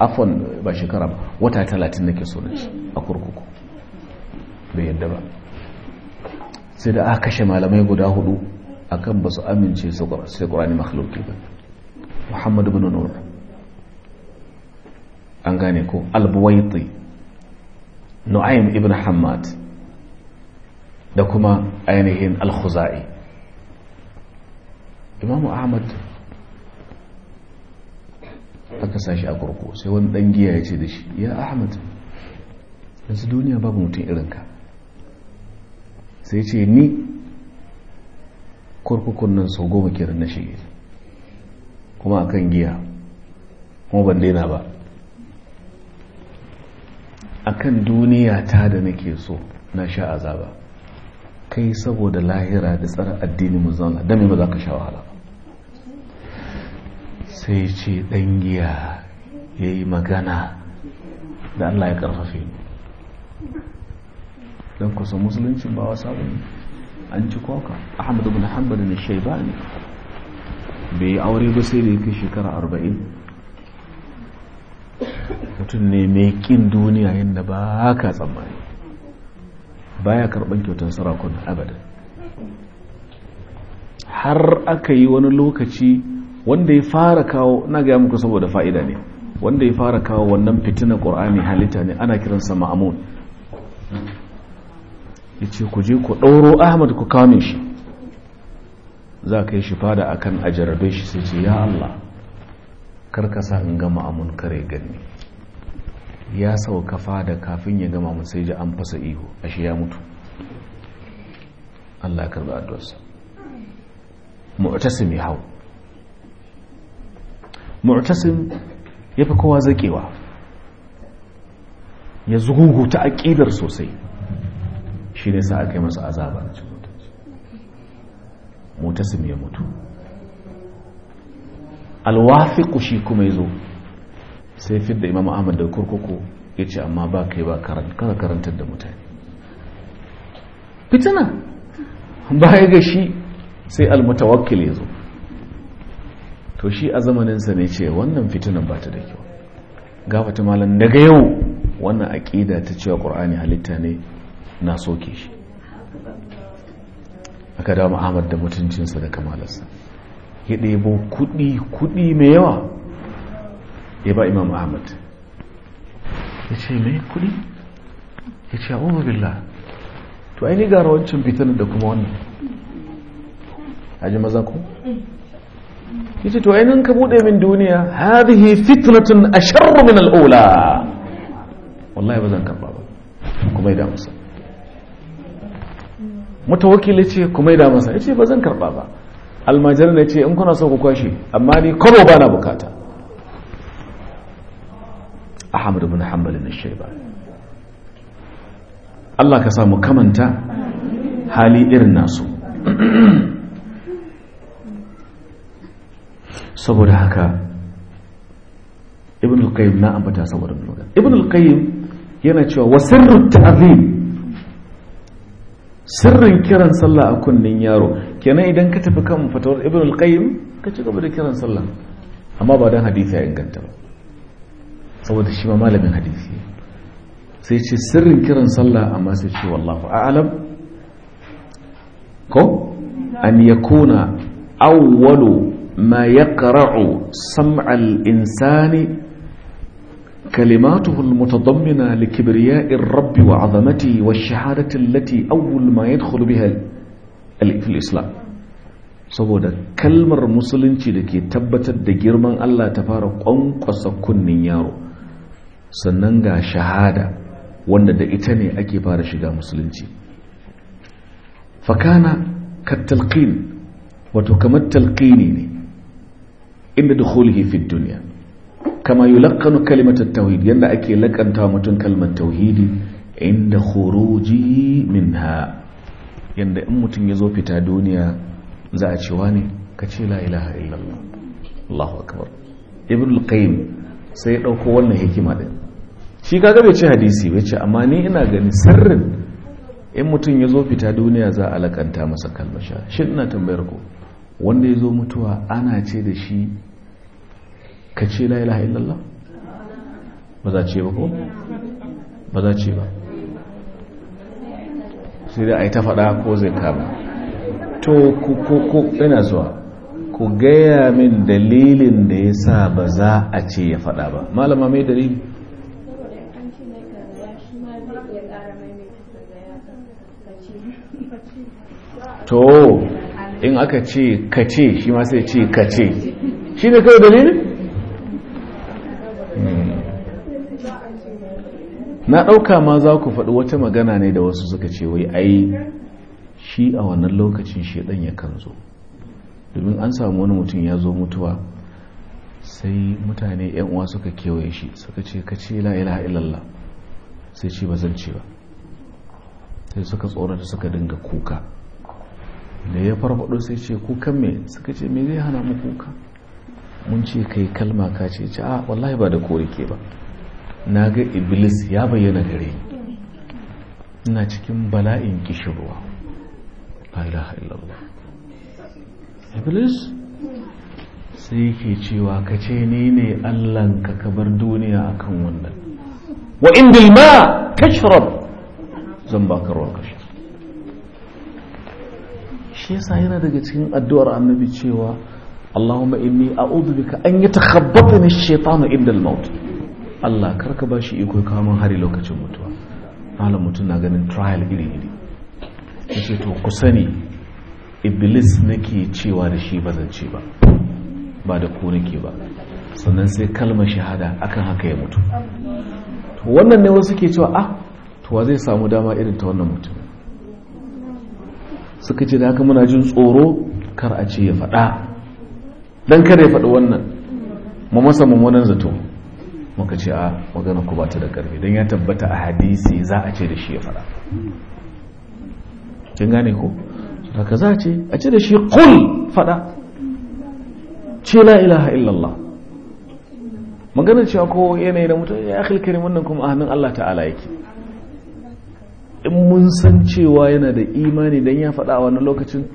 afon ba shekara ba wata talatin nake so nace a kurkuku bai yadda ba sai da aka kashe malamai guda hudu akan ba su amince sai qur'ani makhluki ba muhammad ibn nur an gane ko albuwaiti nu'aym ibn hammad da kuma ainihin al-khuzai imamu ahmad aka sashi a kurku sai wani dan giya ya ce da shi ya ahmad yanzu duniya babu mutum irinka sai ce ni kurkukun nan sau goma kiran na shige kuma akan giya kuma ban daina ba akan duniya ta da nake so na sha azaba kai saboda lahira da tsara addini mu zauna don me ba za ka sha wahala sai ce ɗan giya ya yi magana da Allah ya karfafe don kusan musulunci ba wasa ne an ci koka ahmadu bin hanbal ne ba ne bai yi aure ba sai da ya kai shekara arba'in mutum ne mai kin duniya yadda ba ka tsammani baya karban kyautar sarakun abadan har aka yi wani lokaci wanda ya fara kawo na gaya muku saboda fa'ida ne wanda ya fara kawo wannan fitina ƙur'ani halitta ne ana kiransa ma'amun ya ce ku je ku ɗauro ahmad ku kawo shi za ka yi shi fada akan kan a jarabe shi sai ce ya allah karkasa in ga amun kare gani ya sauka fada kafin ya gama mun sai ji an fasa ihu ashe ya mutu allah ya karɓi addu'arsa mu'tasimi hau mu'tasim yafi kowa zakewa ya ta aƙidar sosai shi ne sa aka yi masa azaba na mu'tasim ya mutu alwafiq shi kuma yazo zo sai fidda da imam ahmad da kurkuku yace amma ba kai ba karantar da mutane fitina baya ga shi sai almutawakkil ya zo to shi a zamaninsa ne ce wannan fitinan ba ta da kyau gafata malam daga yau wannan aƙida ta cewa ƙur'ani halitta ne na soke shi aka dawo ahmad da mutuncinsa da kamalarsa ya ɗebo kuɗi kuɗi mai yawa ya ba imam ahmad ya ce mai kuɗi ya ce a billah to aini gara wancan fitinan da kuma wannan haji maza ku yace to ainihin ka bude min duniya hadhihi fitnatun asharru min al-ula wallahi bazan karba ba kuma ya masa mutawakkil ce kuma ya masa yace bazan karba ba almajar ne ce, in kuna so ku kwashi amma ni kobo bana bukata ahmad ibn hanbal ibn shayba Allah ka samu kamanta hali irin nasu saboda haka ibn al-qayyim na ambata saboda mulogan ibn al-qayyim yana cewa wa sirru ta'zim sirrin kiran sallah a kunnin yaro kenan idan ka tafi kan fatawar ibn al-qayyim ka ci gaba da kiran sallah amma ba dan hadisi ya inganta ba saboda shi ma malamin hadisi sai ce sirrin kiran sallah amma sai ce wallahu a'lam ko an yakuna awwalu ما يقرع سمع الإنسان كلماته المتضمنة لكبرياء الرب وعظمته والشهادة التي أول ما يدخل بها في الإسلام saboda kalmar musulunci da ke tabbatar da girman Allah ta fara kwankwasa kunnin yaro sannan ga shahada wanda da ita ne ake fara shiga musulunci fakana kattalƙin wato kamar talƙini ne inda dukhulihi fi dunya kama yulaqqanu kalimatat tauhid yanda ake lakanta mutum kalmar tauhidi inda khuruji ha, yadda in mutum ya zo fita duniya za a ce ka ce la ilaha illallah Allahu akbar ibn al-qayyim sai ya dauko wannan hikima din shi kaga bai ci hadisi bai ce amma ni ina gani sirrin in mutum ya zo fita duniya za a lakanta masa kalmar sha shi ina tambayar ku wanda ya zo mutuwa ana ce da shi ka ce la ilaha illallah ba za ce ba ko ba za ce ba sai da a yi ta faɗa ko zai kama to ku, ko yana zuwa ku gaya min dalilin da ya sa ba za a ce ya faɗa ba malama mai dalili to in aka ce kace shi ma sai ce kace shi ne kawai dalilin hmm. na ɗauka ma za ku faɗi wata magana ne da wasu suka ce wai ai shi a wannan lokacin shaidan ya kan zo domin an samu wani mutum ya zo mutuwa sai mutane yan uwa suka kewaye shi suka ce kace la ilaha illallah sai ce ba zan ce ba sai suka tsorata suka dinga kuka da ya farfado sai ce kukan mai suka ce me zai hana mu kuka mun ce kai kalma ka ce ce a wallahi ba da kori ke ba na ga iblis ya bayyana gare ni ina cikin bala'in kishirwa la ilaha illallah iblis sai yake cewa ka ce ni ne allan ka kabar duniya akan wannan wa indil ma zan baka ruwa kashi. shi yasa yana daga cikin addu'ar annabi cewa Allahumma inni a'udhu bika an yatakhabbata min ash-shaytanu inda al-maut Allah karka bashi iko kawo hari lokacin mutuwa malam mutum na ganin trial iri iri yace to ku sani iblis nake cewa da shi bazan ce ba ba da ku nake ba sannan sai kalmar shahada akan haka ya mutu to wannan ne wasu ke cewa ah to wa zai samu dama irin ta wannan mutumin? suka ce da haka muna jin tsoro kar a ce ya faɗa don kar ya faɗi wannan mu masa mummunan zato muka ce a magana ku ba ta da ƙarfi don ya tabbata a hadisi za a ce da shi ya faɗa kin gane ko haka za a ce a ce da shi kul faɗa ce la ilaha illallah magana cewa ko yanayi da mutum ya akilkarin wannan kuma a hannun Allah ta'ala yake in mun san cewa yana da imani don ya faɗa wani lokacin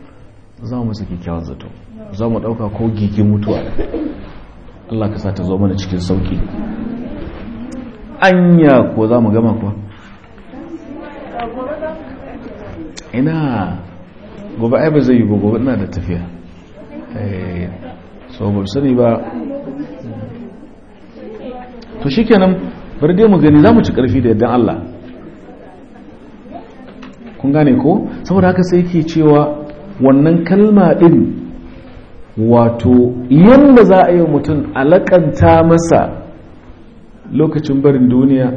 za mu saki kyawun zato za mu ɗauka ko gigi mutuwa Allah ka sa ta zo mana cikin sauƙi anya ko za mu gama kuwa ina gobe ai ba zai yi gobe ina da tafiya eh, so ba sani ba to shikenan bari dai mu gani za mu ci ƙarfi da yadda Allah kun gane ko saboda haka sai ke cewa wannan kalma din wato yadda za a yi mutum alakanta masa lokacin barin duniya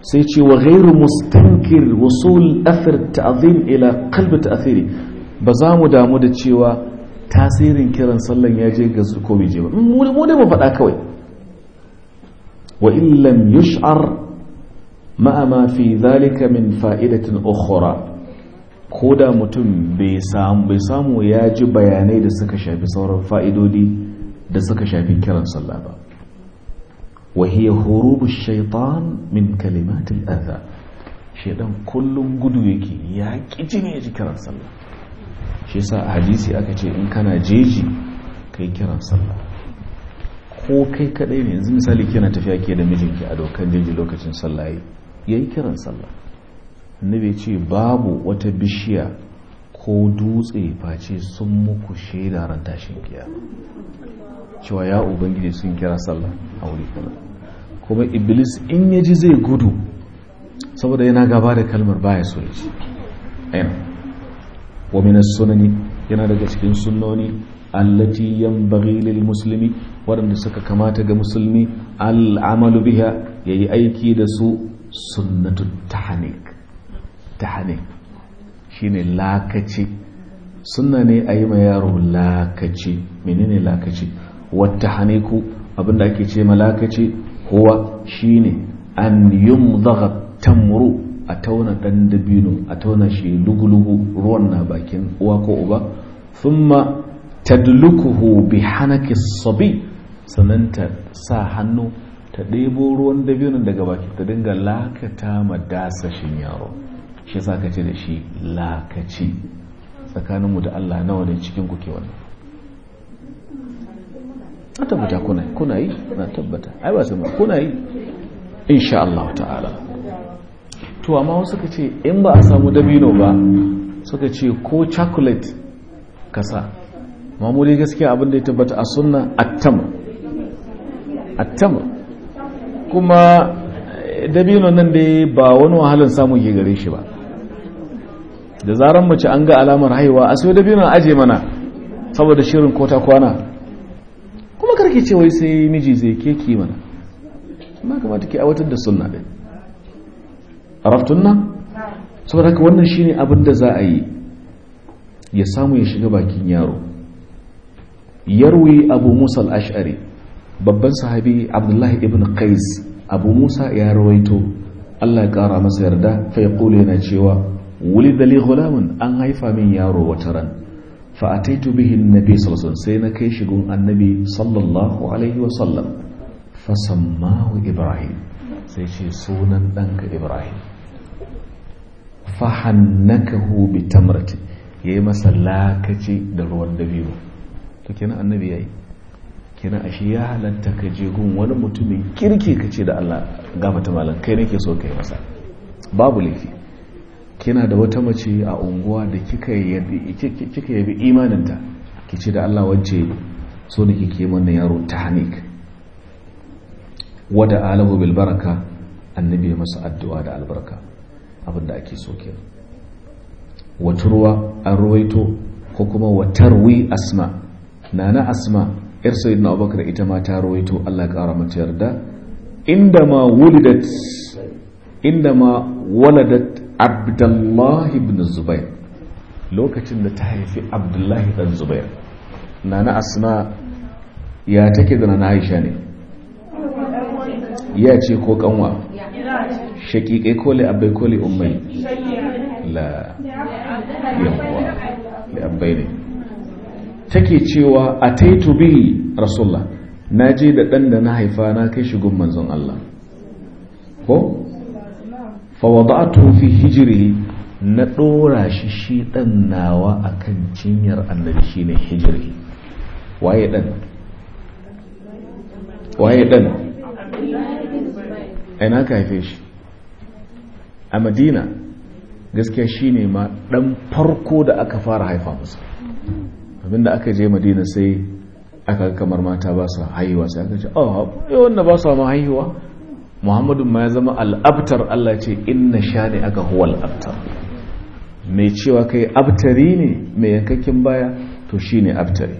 sai ce wa gairu mustankir wasul athir ta'zim ila qalbi ta'thiri ba za mu damu da cewa tasirin kiran sallan ya je ga ko bai je ba mu ne mu faɗa kawai wa in lam yush'ar ma'a ma fi zalika min fa'idatin ukhra ko da mutum bai samu ya ji bayanai da suka shafi sauran fa'idodi da suka shafi kiran sallah ba wahiyar hurubu shaitan min kalimatin adha shaitan kullum gudu yake ya ƙiji ne ya ji kiran sallah shi sa a hadisi aka ce in kana jeji kai kiran sallah ko kai kaɗai ne yanzu misali kina tafiya ke da mijinki a dokan jeji lokacin sallah ya yi kiran sallah annabi ce babu wata bishiya ko dutse face sun muku shaida ran tashin kiyama cewa ya ubangiji sun kira sallah a wuri kaza kuma iblis in ya ji zai gudu saboda yana gaba da kalmar baya so ya ci aina wa min sunani yana daga cikin sunnoni allati yanbaghi lil muslimi waɗanda suka kamata ga musulmi al'amalu biha yayi aiki da su sunnatu tahanik tahanik shine lakaci sunna ne a yi ma yaro lakaci menene lakaci wata haniku abinda ake ce ma lakaci huwa shine an yumdagha tamru a tauna dan dabino a tauna shi lugulugu ruwan na bakin uwa ko uba thumma tadlukuhu bi hanakis sabi sannan ta sa hannu ta ɗebo ruwan dabinin daga baki ta dinga lakata ma dasashin yaro shi sa ka ce da shi lakaci tsakaninmu da Allah nawa ne cikin kuke wannan Na tabbata kuna yi kuna yi na tabbata ai ba sai kuna yi insha Allah ta'ala to amma wasu suka ce in ba a samu dabino ba suka ce ko chocolate kasa mamuri gaskiya abin da ya tabbata a sunna at-tamr at-tamr kuma eh, dabino nan dai ba wani wahalar samun ke gare shi ba da zaren mace an ga alamar haihuwa a sai dabino aje mana saboda shirin kota kwana kuma karki ce wai sai miji zai keki mana ma kamata ke awatar da sunna din araftun nan saboda haka wannan shine abin da za a yi ya samu ya shiga bakin yaro yarwi abu musal ashari babban sahabi abdullahi ibn qais abu musa ya rawaito allah ya kara masa yarda fa ya kula yana cewa wuli da li gulamun an haifa min yaro wata ran fa ataitu bihi annabi sallallahu sai na kai shigun annabi sallallahu alaihi wa sallam fa sammahu ibrahim sai ce sunan ɗanka ibrahim fa hannakahu bi tamrati yayi masa lakaci da ruwan dabino to kenan annabi yayi kenan ashe ya halatta ka je gun wani mutumin kirki ka ce da Allah gafata malam kai nake so kai masa babu laifi kina da wata mace a unguwa da kika yabi kika yabi imaninta ki ce da Allah wacce so ne kike mana yaro ta hanik. wada alamu bil baraka annabi masa addu'a da albarka abinda ake so kenan waturwa an ruwaito ko kuma watarwi asma nana asma yar sayyidina abubakar ita ma ta rawaito Allah ƙara mata yarda inda ma wulidat inda ma waladat abdullah ibn zubair lokacin da ta haifi abdullahi dan zubair nana asma ya take da nana aisha ne ya ce ko kanwa shakikai ko li abai ko li ummai la yawwa li abai ne take cewa a taitu bi rasulullah na je da ɗan da na haifa na kai shi gun manzon Allah ko fa fi hijiri na ɗora shi shi ɗan nawa kan cinyar annabi ne hijri waye ɗan waye ɗan ina ka haife shi a madina gaskiya shine ma ɗan farko da aka fara haifa musu abin da aka je madina sai aka kamar mata ba su haihuwa sai aka ce oh wanda ba su ma haihuwa Muhammadu ma ya zama al'abtar allah ce inna sha ne aka huwa al'abtar mai cewa kai abtari ne mai yankakin baya to shi ne abtari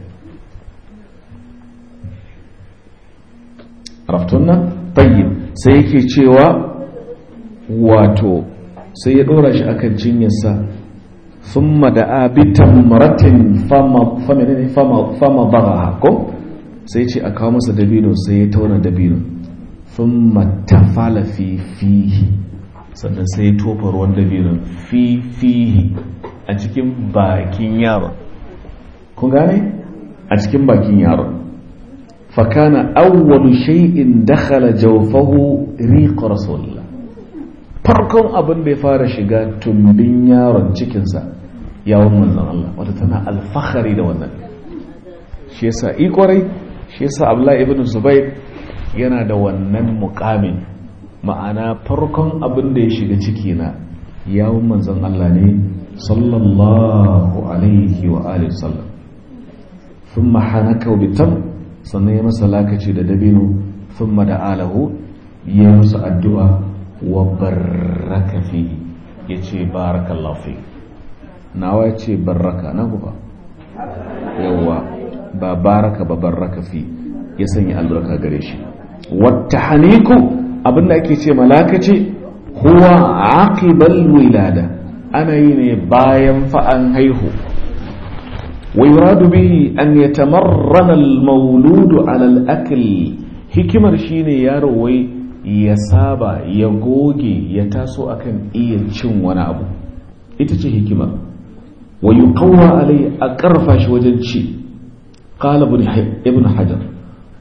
raftunna tayyib sai yake cewa wato sai ya dora shi akan cinyarsa Summa da abitan tamratin fama fama ko sai ce a kawo masa dabino sai ya tauna dabino thumma tafala fi fihi sannan sai ya tofa ruwan dabino fi fihi a cikin bakin yaron kun gane a cikin bakin yaron fakana awwalu shay'in dakhala jawfahu riq rasulullah farkon abin da ya fara shiga tumbin yaron cikinsa yawon manzan Allah wata tana alfahari da wannan shi yasa ikwarai shi yasa abdullahi ibn zubair yana da wannan mukamin ma'ana farkon abin da ya shiga ciki na yawon manzan Allah ne sallallahu alaihi wa alihi sallam sun mahanaka bitam sannan ya masa lakaci da dabino sun mada'alahu ya musa addu'a wa baraka fi ya ce barakallahu nawa ya ce baraka na gufa yawa ba baraka ba baraka fi ya sanya albarka gare shi wata haniku abinda ake ce malaka ce huwa aqibal wilada ana yi ne bayan fa'an haihu ويراد an أن يتمرن المولود على al'akil hikimar shine yaro wai ya saba ya goge ya taso akan iya cin wani abu ita ce hikimar wa yuqawwa alai a karfa shi wajen ci qala ibn hajar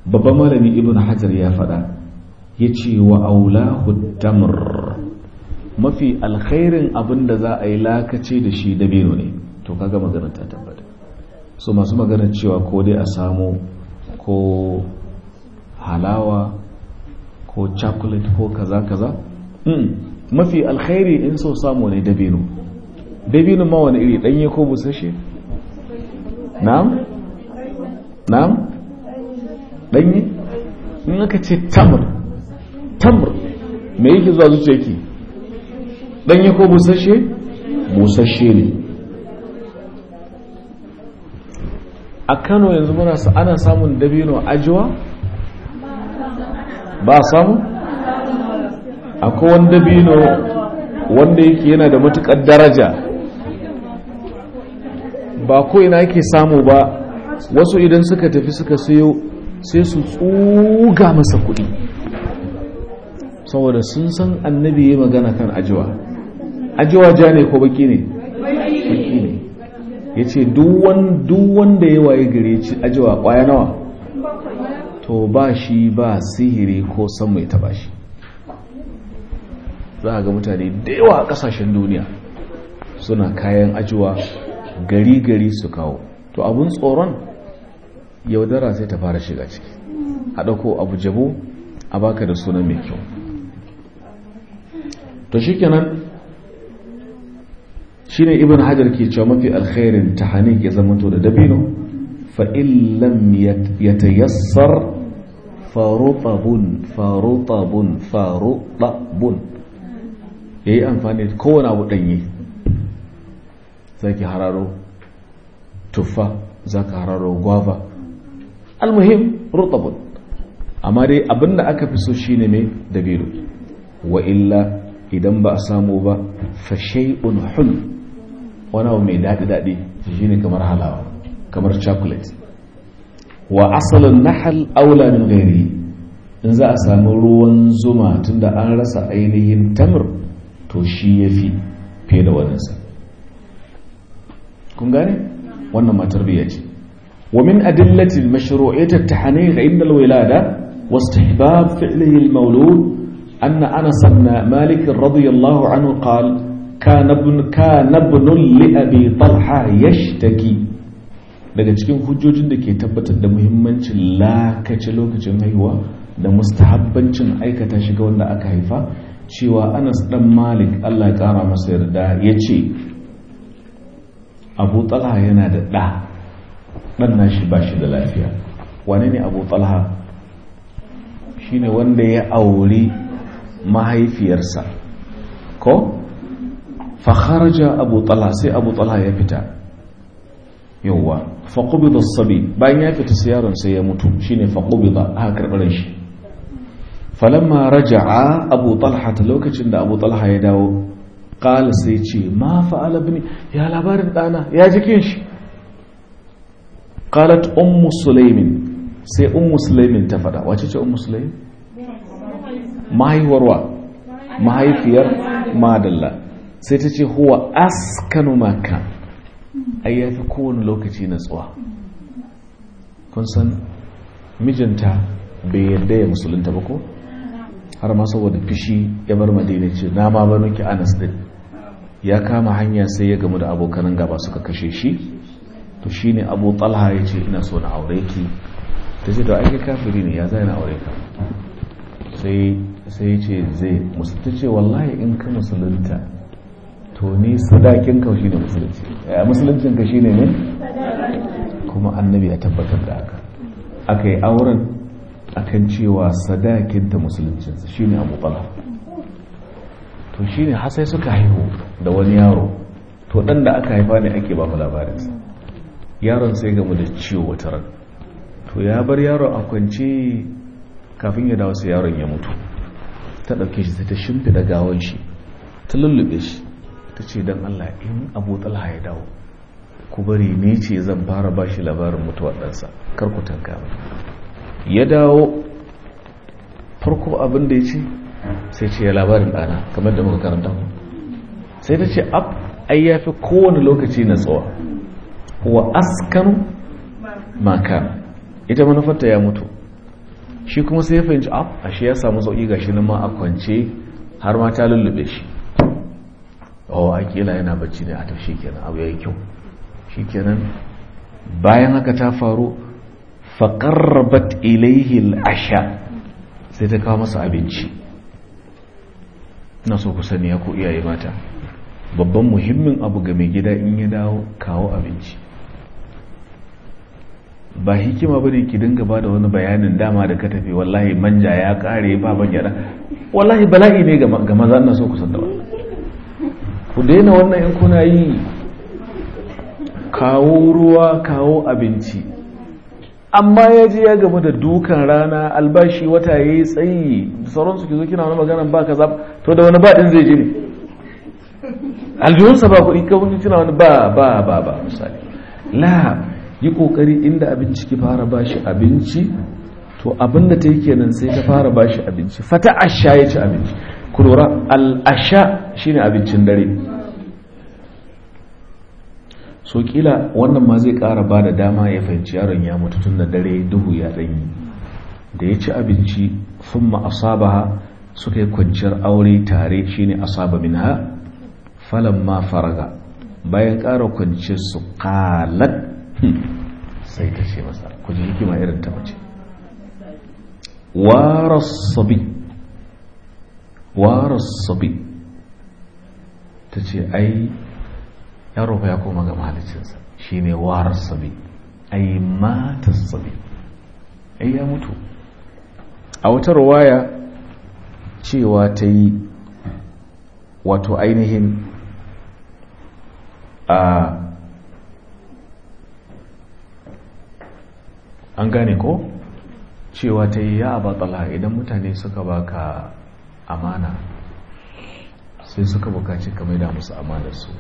babban malami ibn hajar ya faɗa ce wa aulahu tamr mafi alkhairin abin da za a yi lakace da shi dabino ne to kaga maganar ta tabbata so masu maganar cewa ko dai a samu ko halawa ko chocolate ko kaza kaza mafi alkhairi in so samu ne dabino dabinin ma wani iri ɗanye ko busashe na'am na'am ɗanye in aka ce tamar tamar me yake zuwa zuciya ki ɗanye ko busashe busashe ne a kano yanzu muna ana samun dabino ajiwa ba samu akwai wani dabino wanda yake yana da matukar daraja ba ko ina samu ba wasu idan suka tafi suka sayo sai su tsuga masa kuɗi saboda sun san annabi ya magana kan ajiwa ajiwa ja ne ko baki ne baki ne ya ce duk wanda ya waye gare ci ajiwa kwaya nawa to ba shi ba sihiri ko san mai taba shi za a ga mutane da yawa a ƙasashen duniya suna kayan ajiwa gari gari su kawo to abun tsoron yaudara sai ta fara shiga ciki a ɗauko abu jabo a baka da suna mai kyau to shikenan ne ibn hajar ke cewa mafi alkhairin ta hane ke to da dabino fa'in lam ya tayassar farutabun farutabun farutabun ya yi amfani da kowane abu ɗanye za ki hararo tuffa za ka hararo guava almuhim rutabun amma dai abin da aka fi so shine mai dabiru wa illa idan ba a samu ba fa hul wani abu mai daɗi daɗi shi ne kamar halawa kamar chocolate wa asalin nahal aula min gairi in za a samu ruwan zuma tunda an rasa ainihin tamar to shi ya fi fiye da wadansa kun gane wannan ma tarbiyya ce wa min adillati al-mashru'iyyati at inda al-wilada واستحباب فعله المولود أن أنس بن مالك رضي الله عنه قال كان ابن كان ابن لأبي طلحة يشتكي daga cikin hujjojin da ke tabbatar da muhimmancin lakace lokacin haihuwa da mustahabbancin aikata shiga wanda aka haifa cewa anas dan malik allah ya kara masa yarda ya ce abu talha yana da ɗa ɗan nashi ba shi da lafiya wane ne abu talha shine wanda ya auri mahaifiyarsa ko fakharaja abu talha sai abu talha ya fita yawwa faqubida sabi bayan ya fita sai yaron sai ya mutu shine faqubida aka karbar shi falamma raja'a abu talha lokacin da abu talha ya dawo ƙala sai ce ma fa'ala bini ya labarin ɗana ya jikin shi ta ummu sulaimin sai ummu sulaimin ta faɗa wace ce ummu sulaimin mahaifarwa mahaifiyar madalla sai ta ce huwa askanu maka ai ya kowane lokaci na tsuwa kun san mijinta bai yarda ya musulunta ba ko har ma saboda fishi ya bar madina ce na ma ba nuke anas din ya kama hanya sai ya gamu da abokanin gaba suka kashe shi to shi ne abu talha ya ce ina so na aure ki ta ce to aiki kafiri ne ya zai na aure ka sai ya ce zai musulta ce wallahi in ka musulunta to ni sadakin ka shi ne musulunci eh, musuluncin ka shi ne ne kuma annabi ya tabbatar da haka aka yi auren akan cewa sadakin ta musuluncinsa shi ne abu talha to shi ne sai suka haihu da wani yaro to ɗan da aka haifa ne ake ba labarin. yaron sai gamu da ciwo wata ran to ya bar yaron a kwance kafin ya dawo sai yaron ya mutu ta ɗauke shi sai ta shimfiɗa gawon shi ta lullube shi ta ce don allah in abu talha ya dawo ku bari ne ce zan fara ba shi labarin mutuwar ɗansa kar ku tanka ya dawo farko abin da ya ce sai ce ya labarin d'ana kamar da muka karanta sai ta ce ab ai ya fi kowane lokaci na tsawa wa askan maka ita manufarta ya mutu shi kuma sai ya fahimci ab a shi ya samu sauƙi ga shi ma a kwance har ma ta lullube shi o oh, akila yana bacci ne a ta shi kenan abu ya yi kyau shi kenan bayan haka ta faru faƙarrabat ilaihi al'asha sai ta kawo masa abinci na so ku sani iyaye mata babban muhimmin abu ga mai gida in ya dawo kawo abinci ba hikima bane ki dinga ba da wani bayanin dama da ka tafi wallahi manja ya kare ba ban gyara wallahi bala'i ne ga maza na so ku san da ku daina wannan in kuna yi kawo ruwa kawo abinci amma ya ji ya gamu da dukan rana albashi wata ya yi tsayi sauran su ke zo kina wani magana ba kaza to da wani baɗin zai je ne aljihunsa ba kuɗi ka wani kina wani ba ba ba ba misali la yi kokari inda abinci ki fara bashi abinci to abinda ta yi kenan sai ta fara bashi abinci fata asha ya ci abinci ku lura al'asha shine abincin dare so kila wannan ma zai kara ba da dama ya fahimci yaron ya mutu tun da dare duhu ya danyi da ya ci abinci sun asaba suka yi kwanciyar aure tare shine asaba ha? Falon ma faraga bayan kara kwanciyar su kalat hmm, sai ta ce masa kuji hikima irin ta mace waras sabi ta ce ai yaro fa ya koma ga mahalicinsa shine warar sabi ai mata sabi ai ya mutu a wata ruwaya cewa ta yi wato ainihin a an gane ko cewa ta yi ya abatala idan mutane suka baka amana sai suka bukaci kamar da musu su.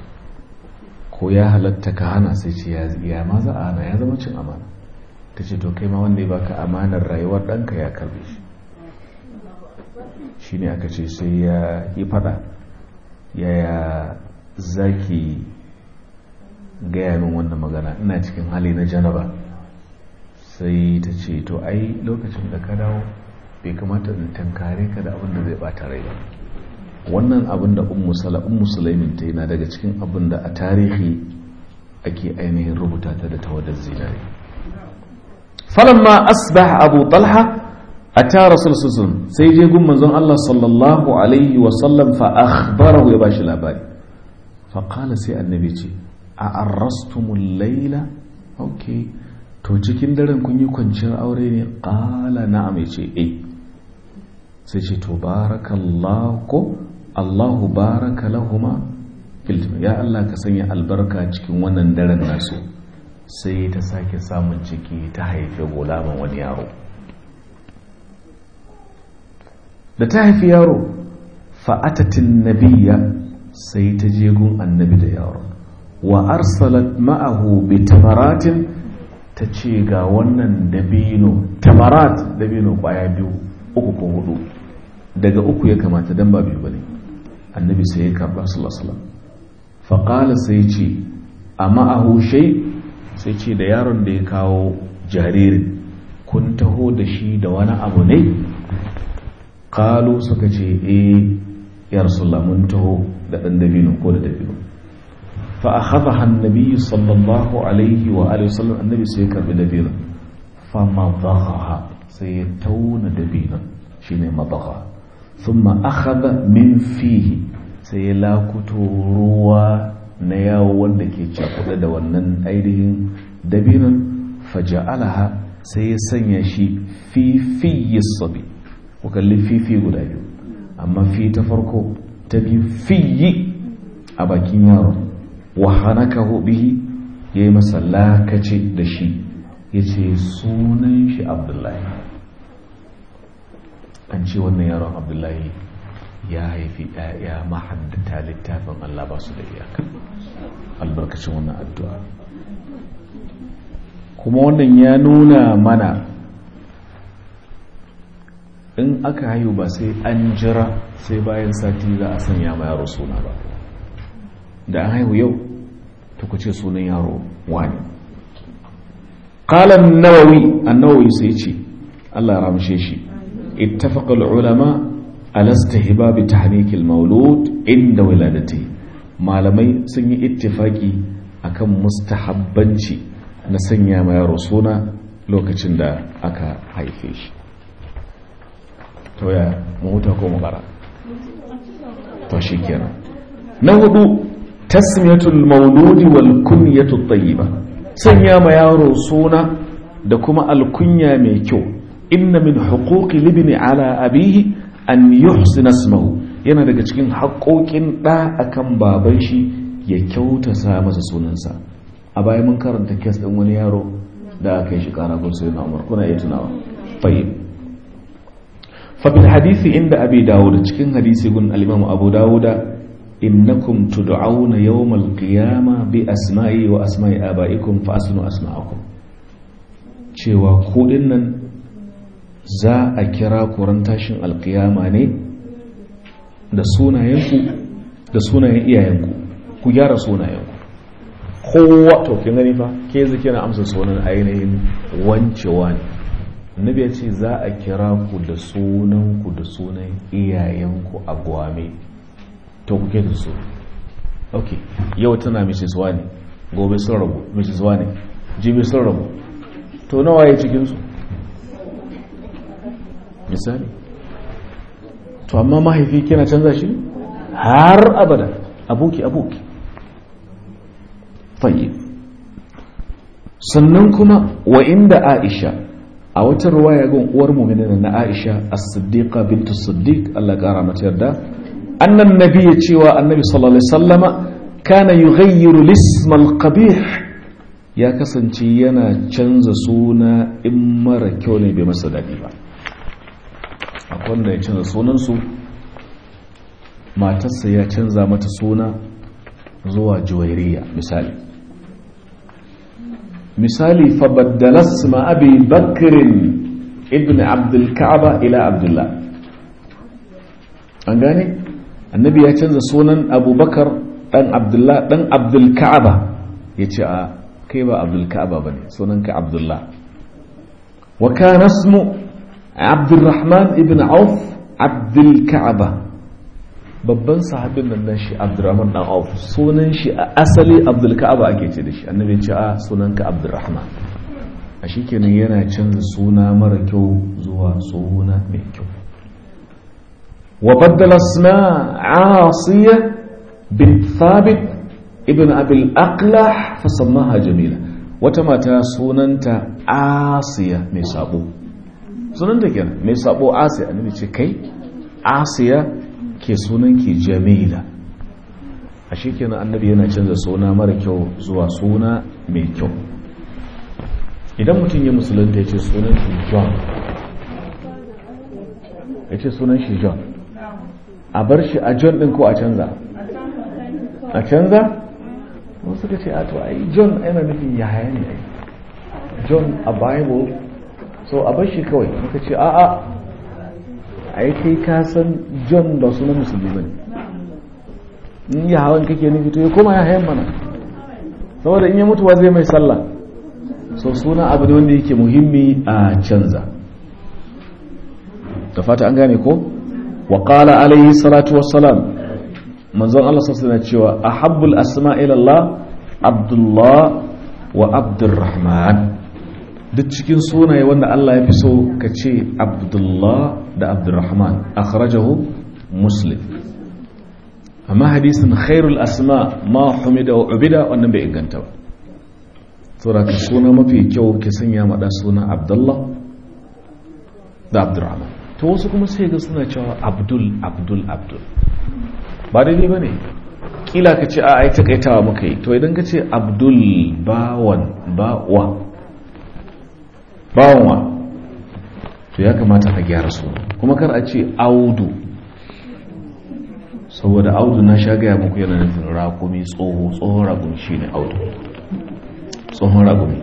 ko ya halatta ka hana sai ce ya ma za a hana ya zama cin amana ta ce to kai ma wanda ya baka amanar rayuwar ɗanka ya karbe shi shi ne aka ce sai ya yi fada yaya zaki gaya min wannan magana ina cikin hali na janaba sai ta ce to ai lokacin da ka dawo bai kamata in tankare ka da abin da zai bata rai ba wannan abin da ummu sala ummu sulaimin ta yana daga cikin abin da a tarihi ake ainihin rubuta ta da tawadar zinari falamma asbah abu talha ata rasul susun sai je gun manzon Allah sallallahu alaihi wa sallam fa akhbarahu ya bashi labari fa qala sai annabi ce a arrastumul layla okay to cikin daren kun yi kwanciyar aure ne qala na'am ce eh sai ce to barakallahu Allahu baraka lahuma ya Allah ka sanya albarka cikin wannan daren nasu sai ta sake samun ciki ta haifi gulaman wani yaro da ta haifi yaro fa'atatin nabiya sai ta je gun annabi da yaro wa arsalat ma'ahu bi tamaratin ta ce ga wannan dabino tamarat dabino kwaya biyu uku ko hudu daga uku ya kamata dan ba biyu bane annabi sai ya karba sallallahu faƙala sai ce a ma'ahu shai sai ce da yaron da ya kawo jaririn kun taho da shi da wani abu ne kalu suka ce e ya rasulullah mun taho da ɗan dabino ko da dabino fa a haɗa hannabi sallallahu alaihi wa alaihi sallam annabi sai ya karbi dabino fa ma madagha sai ya tauna dabino shine madagha thumma akhadha min fihi sai ya lakuto ruwa na yawo wanda ke cakuɗa da wannan ainihin dabinin faja'alaha sai ya sanya shi fifi sabi ku kalli fifi guda biyu amma fi ta farko ta biyu fiyi a bakin yaro wa hanakahu bihi yayi masa lakace da shi yace sunan shi Abdullahi an ce wannan yaron abdullahi ya haifi ‘ya'ya mahaddata littafin Allah ba su da iyaka albarkacin wannan addu'a kuma wannan ya nuna mana in aka haihu ba sai an jira sai bayan sati za a sanya ma yaro suna ba da an haihu yau ta kuce sunan yaro wani ƙalan nawawi nawawi sai ce Allah ya ramshe shi اتفق العلماء على استحباب تحريك المولود عند malamai sun yi ittifaki akan mustahabbanci na sanya ma yaro suna lokacin da aka haife shi to ya mahuta ko mabara to shi kenan na hudu tasmiyatul mauludi wal kunyatu tayyiba sanya ma yaro suna da kuma alkunya mai kyau inna min huquqi libni ala abihi an yuhsina yana daga cikin haƙoƙin ɗa kan baban shi ya sa masa sunansa a baya mun karanta kes ɗin wani yaro da aka yi shi ƙara gun sai na umar kuna iya tunawa fayyib fafil hadisi inda abi dawuda cikin hadisi gun alimam abu dawuda innakum tud'auna yawmal qiyama bi asma'i wa asma'i aba'ikum fa asnu asma'akum cewa ku dinnan za a kira kuran tashin alkiyama ne da sunayenku da sunayen iyayenku ku gyara sunayenku kowa to kin gani fa ke zike na amsa sunan ainihin wancewa ne annabi ya ce za a kira ku da sunanku da sunan iyayenku a gwame to ke da su ok yau tana mrs wani gobe sun rabu mrs wani jibi sun rabu to nawa ya cikinsu misali to amma mahaifi kina canza shi har abada aboki aboki tayyib sannan kuma wa inda aisha a wata ruwaya ga uwar mu'minin na aisha as-siddiqa bintu siddiq Allah kara mata yarda annan nabi cewa annabi sallallahu alaihi wasallama kana yughayyiru lism al-qabih ya kasance yana canza suna in mara kyau ne bai masa dadi ba akwai wanda ya canza sunansu matarsa ya canza mata suna zuwa juwairiya misali misali fabaddalas ma abi bakirin ibn abdulka'aba ila abdullah an gane annabi ya canza sunan abubakar dan abdullah dan abdulka'aba ya ce a kai ba abdulka'aba ba ne sunanka abdullah wa kana Abdurrahman ibn Auf Abdul Ka'aba babban sahabin nan nan shi Abdurrahman dan Auf sunan shi a asali Abdul Ka'aba ake ce da shi annabi ce a ah, sunanka Abdurrahman a shikenan yana canza suna mara kyau zuwa suna mai kyau wa baddala asma Asiya bin Thabit ibn Abil Aqlah fa sammaha Jamila wata mata sunanta Asiya mai sabo sunan da kenan mai sabo asiya annabi ce kai asiya ke sunan ke jamila a shi kenan annabi yana canza suna mara kyau zuwa suna mai kyau idan mutum ya musulunta ya ce sunan shi john ya ce sunan shi john a bar shi a john din ko a canza a canza wasu ka ce a to yi john yana nufin yaya ne john a bible so a bar kawai muka ce a'a ai kai ka san john ba su na musulmi ba ne in yi hawan kake nufi to ya koma ya hayan mana saboda in ya mutuwa zai mai sallah so suna abu da wanda yake muhimmi a canza ta fata an gane ko wa qala alayhi salatu wassalam manzon Allah sallallahu alaihi cewa ahabbul asma ila abdullah wa abdurrahman duk cikin sunaye wanda Allah ya fi so ka ce abdullah da abdurrahman akhrajahu muslim amma hadisin khairul asma ma humida wa ubida wannan bai inganta ba saboda ka suna mafi kyau ke sanya maɗa suna abdullah da abdurrahman to wasu kuma sai ga suna cewa abdul abdul abdul ba daidai ba ne kila ka ce a ai takaitawa muka yi to idan ka ce abdul bawan bawa bawanwa to ya kamata a gyara su kuma kar a ce audu saboda audu na sha gaya muku yana nufin rakumi tsoho tsohon rakumi shi ne audu tsohon rakumi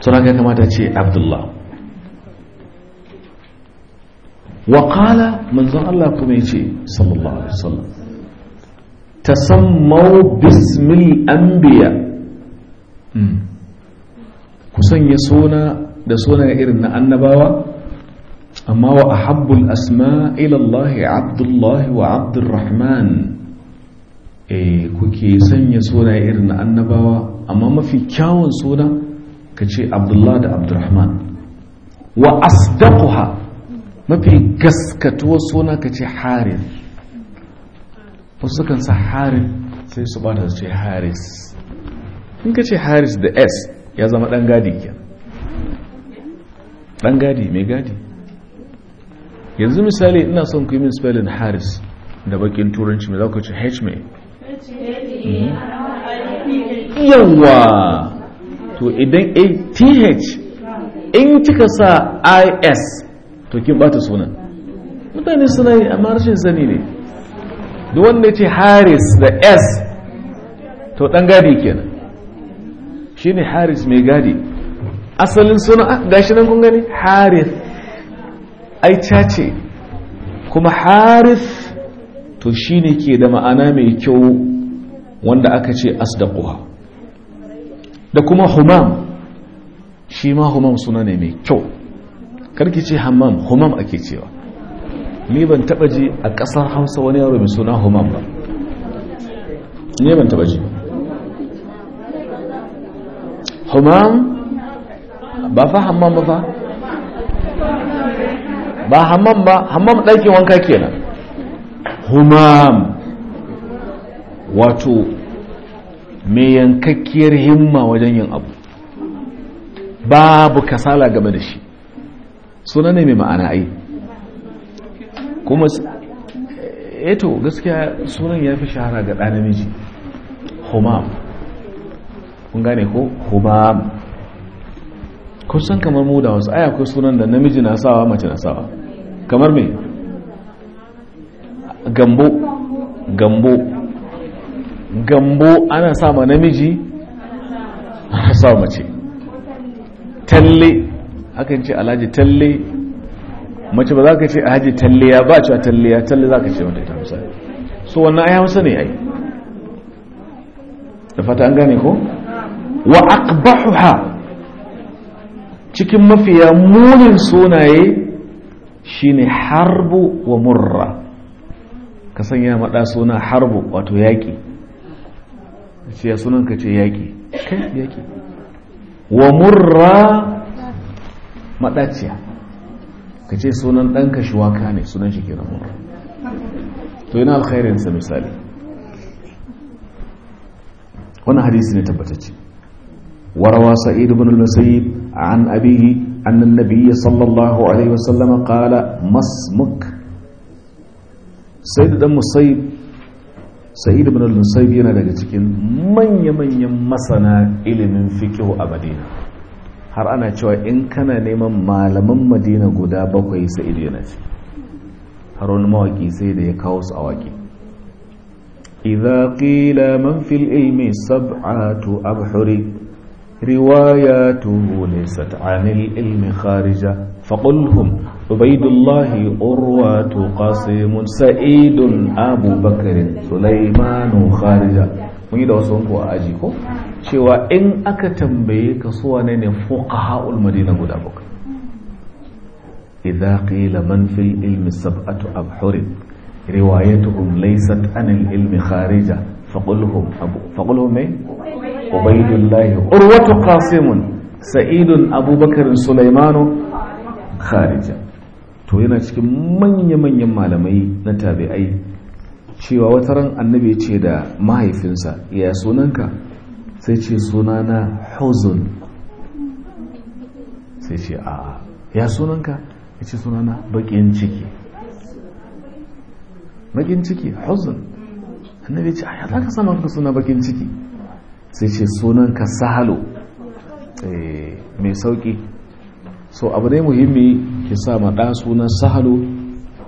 suna ya kamata ce abdullah waƙala manzon Allah kuma ya ce sallallahu alaihi wasallam tasammau an biya. Hmm. ku sanya suna da suna irin na annabawa amma wa ahabbul asma ila Allah abdullahi wa abdurrahman eh kuke sanya suna irin na annabawa amma mafi kyawun suna ka ce abdullahi da abdurrahman wa asdaquha mafi gaskatuwa suna ka ce harith wasu kan sa harith sai su bada su ce haris in ka ce haris da s ya zama dan gadi kenan dan gadi mai gadi yanzu misali ina son ku yi min spelling Harris da bakin turanci mai zaka ce h mhm. yawa to idan a eh, th in kika sa is to kin bata sunan mutane suna yi amma rashin sani ne duk wanda ya ce Harris da s to dan gadi kenan shine haris mai gadi asalin suna ah, gashi nan kun gani haris ai ce kuma haris to shine ke da ma'ana mai kyau wanda aka ce asdaquha da kuma humam shi ma humam suna ne mai kyau karki ce hammam humam ake cewa ni ban taba ji a ƙasar hausa wani yaro mai suna humam ba ni ban taba ji ba humam ba fa hammam ba fa ba hammam ba hammam ɗakin wanka kenan humam wato mai yankakkiyar himma wajen yin abu babu kasala game da shi suna ne mai ma'ana ai kuma eto eh, gaskiya sunan ya fi shahara ga ɗa namiji humam kun gane ko hubab kusan kamar mu da wasu Aya akwai sunan da namiji na sawa mace na sawa kamar me gambo gambo gambo ana ma namiji ana sawa mace talle akan ce alhaji talle mace ba za ka ce a haji ya? ba cewa ya talle za ka ce wanda ita misali so wannan aya hausa ne ai da fata an gane ko wa aqbahuha cikin mafiya munin sunaye shine harbu wa murra ka sanya maɗa suna harbu wato yaƙi sai ya sunan ka ce yaƙi kai yaki wa murra maɗaciya ka ce sunan ɗanka shuwaka ne sunan shi ke murra to yana alkhairinsa misali wani hadisi ne tabbatacce وروى سعيد بن المسيب عن أبيه أن النبي صلى الله عليه وسلم قال ما اسمك سيد بن المسيب سعيد بن المسيب ينا لك تكين من يمن يمسنا إلى من فكه أبدينا har ana cewa in kana neman malaman Madina guda bakwai sa'id yana ciki har wani mawaki sai da ya kawo su a waƙi idza qila man fil ilmi sab'atu abhuri رواياته ليست عن العلم خارجة فقلهم عبيد الله أروة قاسم سعيد أبو بكر سليمان خارجة mun yi da wasu wanku a aji ko cewa in aka tambaye ka suwa ne ne fuqaha'ul madina guda bakwai idza qila man fil ilmi sab'atu abhur riwayatuhum laysat an al ilmi kharija faqulhum abu faqulhum ubaidullahi urwatu qasimun sa'idun abubakar sulaimanu kharija to yana cikin manya-manyan malamai na tabi'ai cewa wata ran annabi ce da mahaifinsa ya sunanka sai ce sunana huzun sai ce a ya sunanka ya ce sunana bakin ciki bakin ciki huzun annabi ce a ya za ka sama ka suna bakin ciki sai ce sunanka sahalo eh, mai sauki so abu ne muhimmi ki sa ma ɗa sunan sahalo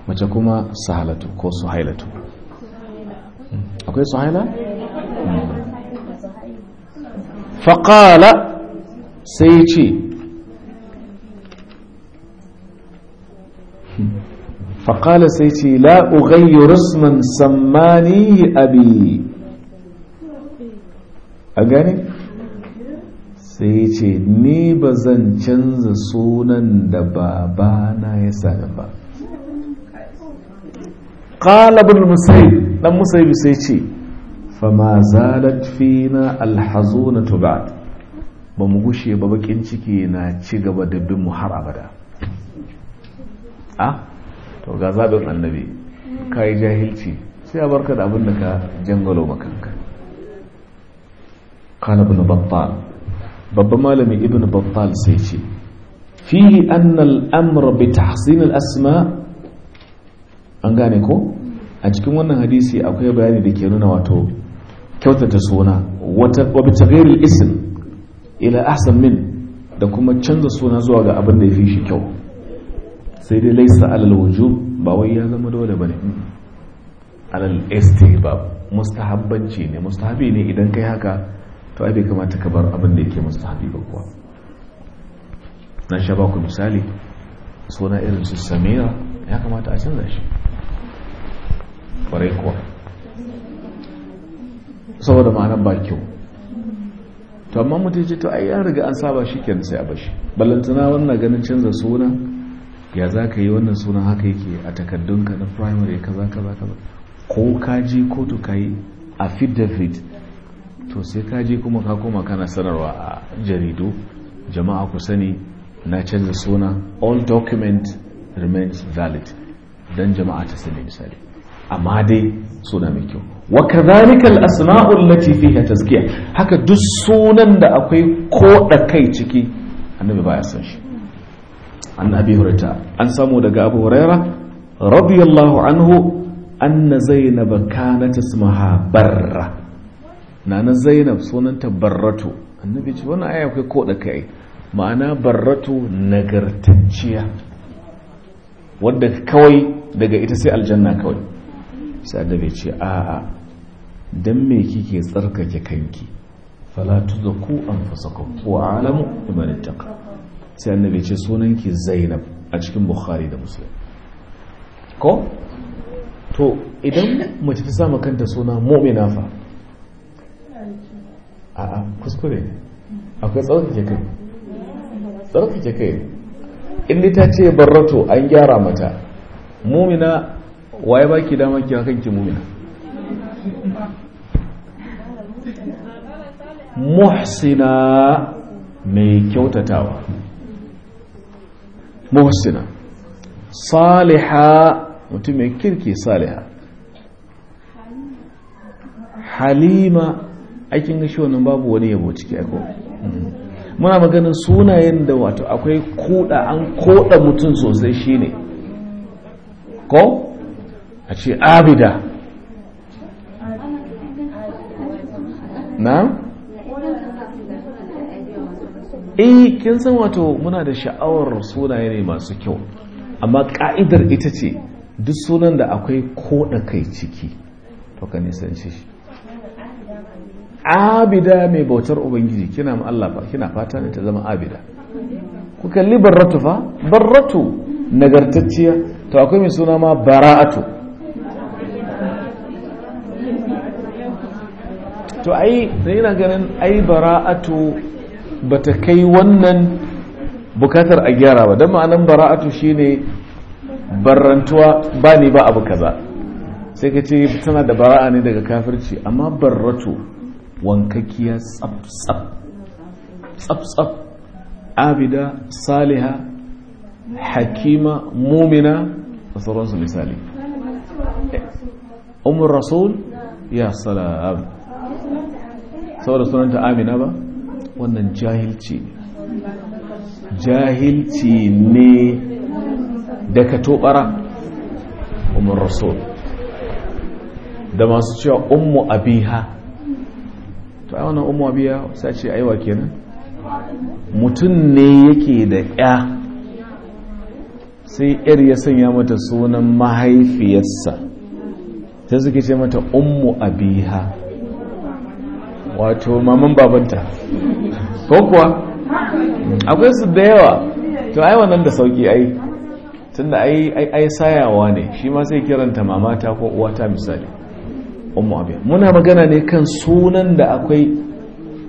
mace kuma sahalatu ko suhailatu akwai suhaila? faƙala sai ce faƙala sai ce la'ugayi rusman sammani abi a gane sai ce ni ba zan canza sunan da babana ya sami ba ƙalabin musayi ɗan musayi sai ce fama zalat fina alhazo na tuba ba mu gushe ba bakin ciki na ci gaba da bin mu har abada a ah, to ga zaɓin annabi ka yi jahilci sai a barka da abin da ka jangalo makanka kala bin babbal babban malami ibn babbal sai ce fihi annal amr bi tahsin al asma an gane ko a cikin wannan hadisi akwai bayani da ke nuna wato kyautata suna wata wa bi taghyir al ism ila ahsan min da kuma canza suna zuwa ga abin da yafi shi kyau sai dai laysa alal wujub ba wai ya zama dole bane al istihbab mustahabbanci ne mustahabi ne idan kai haka to ai bai kamata ka bar abin da yake sahabi ba kuwa na sha ba ku misali suna irin su samira ya kamata a canza shi kwarai kuwa saboda ma'anar ba kyau to amma mutum ce to ai ya riga an saba shi kyan sai a bashi ballantana wannan ganin canza suna ya za ka yi wannan suna haka yake a takaddunka na primary kaza kaza kaza ko ka je kotu ka yi fit. to sai ka je kuma ka koma kana sanarwa a jaridu jama'a ku sani na canza suna all document remains valid dan jama'a ta sani misali amma dai suna mai kyau wa kadhalika al-asma'u allati fiha tazkiya haka duk sunan da akwai ko da kai ciki annabi baya san shi Annabi hurata an samu daga abu huraira radiyallahu anhu anna zainab kanat ismaha barra na zainab sunanta barratu annabi ce wannan aya kai ko da kai ma'ana barratu nagartacciya wadda kawai daga ita sai aljanna kawai sai annabi ce a'a dan me kike tsarkake kanki fala tuzaku anfusakum wa alamu iman ittaqa sai annabi ce sunanki zainab a cikin bukhari da muslim ko to idan mace ta samu kanta suna mu'mina fa a'a kuskure ne akwai tsarkake kai tsarkake kai in ta ce barrato an gyara mata mumina waye baki dama ki hakan ki mumina muhsina mai kyautatawa muhsina saliha mutum mai kirki saliha halima aikin gashi wannan babu wani yabo ciki aiko muna maganin sunayen da wato akwai koda an koda mutum sosai shine ko a ce abida na? eh kin san wato muna da sha'awar sunaye ne masu kyau amma ka'idar ita ce duk sunan da akwai koda kai ciki to ka nisanci shi abida mai bautar ubangiji kina mu Allah kina fata ne ta zama abida ku kalli barratu fa barratu nagartacciya to akwai mai suna ma bara'atu to ai ina ganin ai bara'atu bata kai wannan bukatar a gyara ba dan ma'anan bara'atu shine barrantuwa ba ne ba abu kaza sai ka ce tana da bara'a ne daga kafirci amma barratu wankakkiya tsab-tsab abida saliha hakima mumina da sauransu misali umar rasul ya salam saboda sunanta amina ba wannan jahilci jahilci ne da ka tobara umar rasul da masu cewa ummu abiha to a wannan umuwa biya sace aiwa kenan mutum ne yake da ya sai yar ya sanya mata sunan mahaifiyarsa ta suke ce mata ummu abiha wato maman babanta ko kuwa akwai su da yawa to ai wannan da sauki ai tunda ai ai sayawa ne shi ma sai kiranta mamata ko uwata misali ummu abiya muna magana ne kan sunan da akwai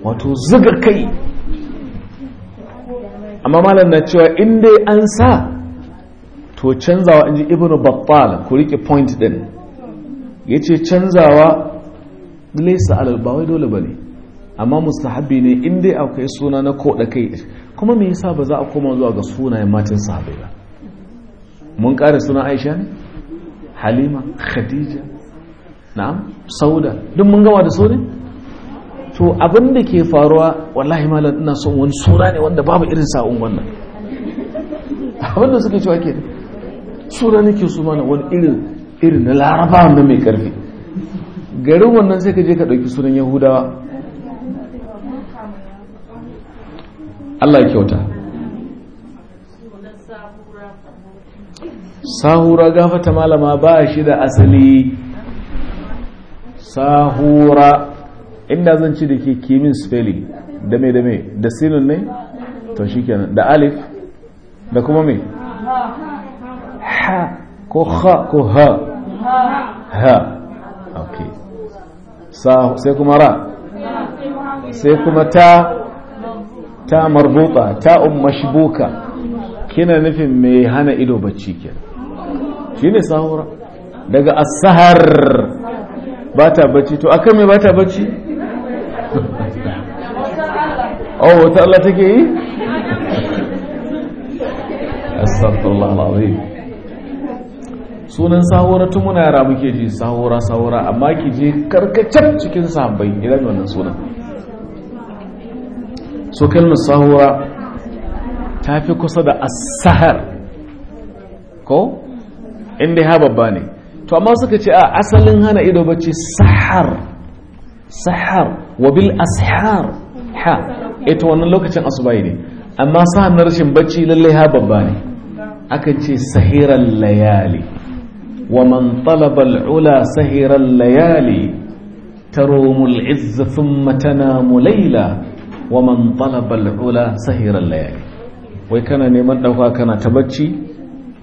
wato zuga kai amma malam na cewa in dai an sa to canzawa in ji ibnu battal ku rike point din ce canzawa laysa alal ba ne dole bane amma mustahabi ne in dai akwai suna na koda kai kuma me yasa ba za a koma zuwa ga sunayen matan sahabai ba mun kare suna Aisha ne Halima Khadija na'am sauda duk mun gama da su ne to abin da ke faruwa wallahi malam ina son wani sura ne wanda babu irin sa'un wannan abin da suke cewa ke sura ke su mana wani irin irin na laraba wanda mai karfi garin wannan sai ka je ka ɗauki sunan yahudawa Allah ya kyauta sahura gafata malama ba shi da asali sahura inda zan ci da ke kimin spelling da me da me da sinin ne to shi kenan da alif da kuma me ha ko ha ko ha ha ok sai kuma ra sai kuma ta ta marbuta ta um mashbuka kina nufin mai hana ido bacci kenan ne sahura daga as ba ta bacci to akan me ba ta bacci oh wata Allah take yi astagfirullah alazim sunan sahura tun muna yara muke ji sahura sahura amma ki je karkacin cikin sahabbai idan wannan sunan so kalmar sahura ta fi kusa da as-sahar ko inda ya babba ne to amma suka ce a asalin hana ido bacci sahar sahar wa bil ashar ha ita wannan lokacin asubai ne amma sahar na rashin bacci lallai ha babba ne aka ce sahiran layali wa man talaba al'ula sahiran layali tarumu al'izza thumma tanamu layla wa man talaba al'ula sahiran layali wai kana neman dauka kana ta bacci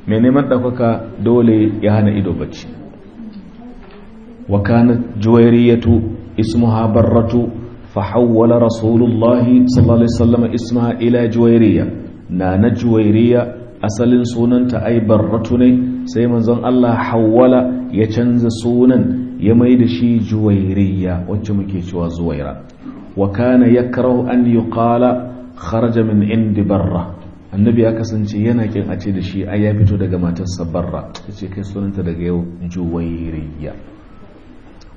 mai neman ɗaukaka dole ya hana ido bacci wa kanat juwairiyatu ismuha barratu fa hawwala rasulullahi sallallahu alaihi wasallam ismaha ila juwairiya na na juwairiya asalin sunanta ai barratu ne sai manzon Allah hawwala ya canza sunan ya mai da shi juwairiya wacce muke cewa zuwaira wa kana yakrahu an yuqala kharaja min indi barra annabi ya kasance yana kin a ce da shi ai ya fito daga matarsa barra ta ce kai sunanta daga yau juwairiyya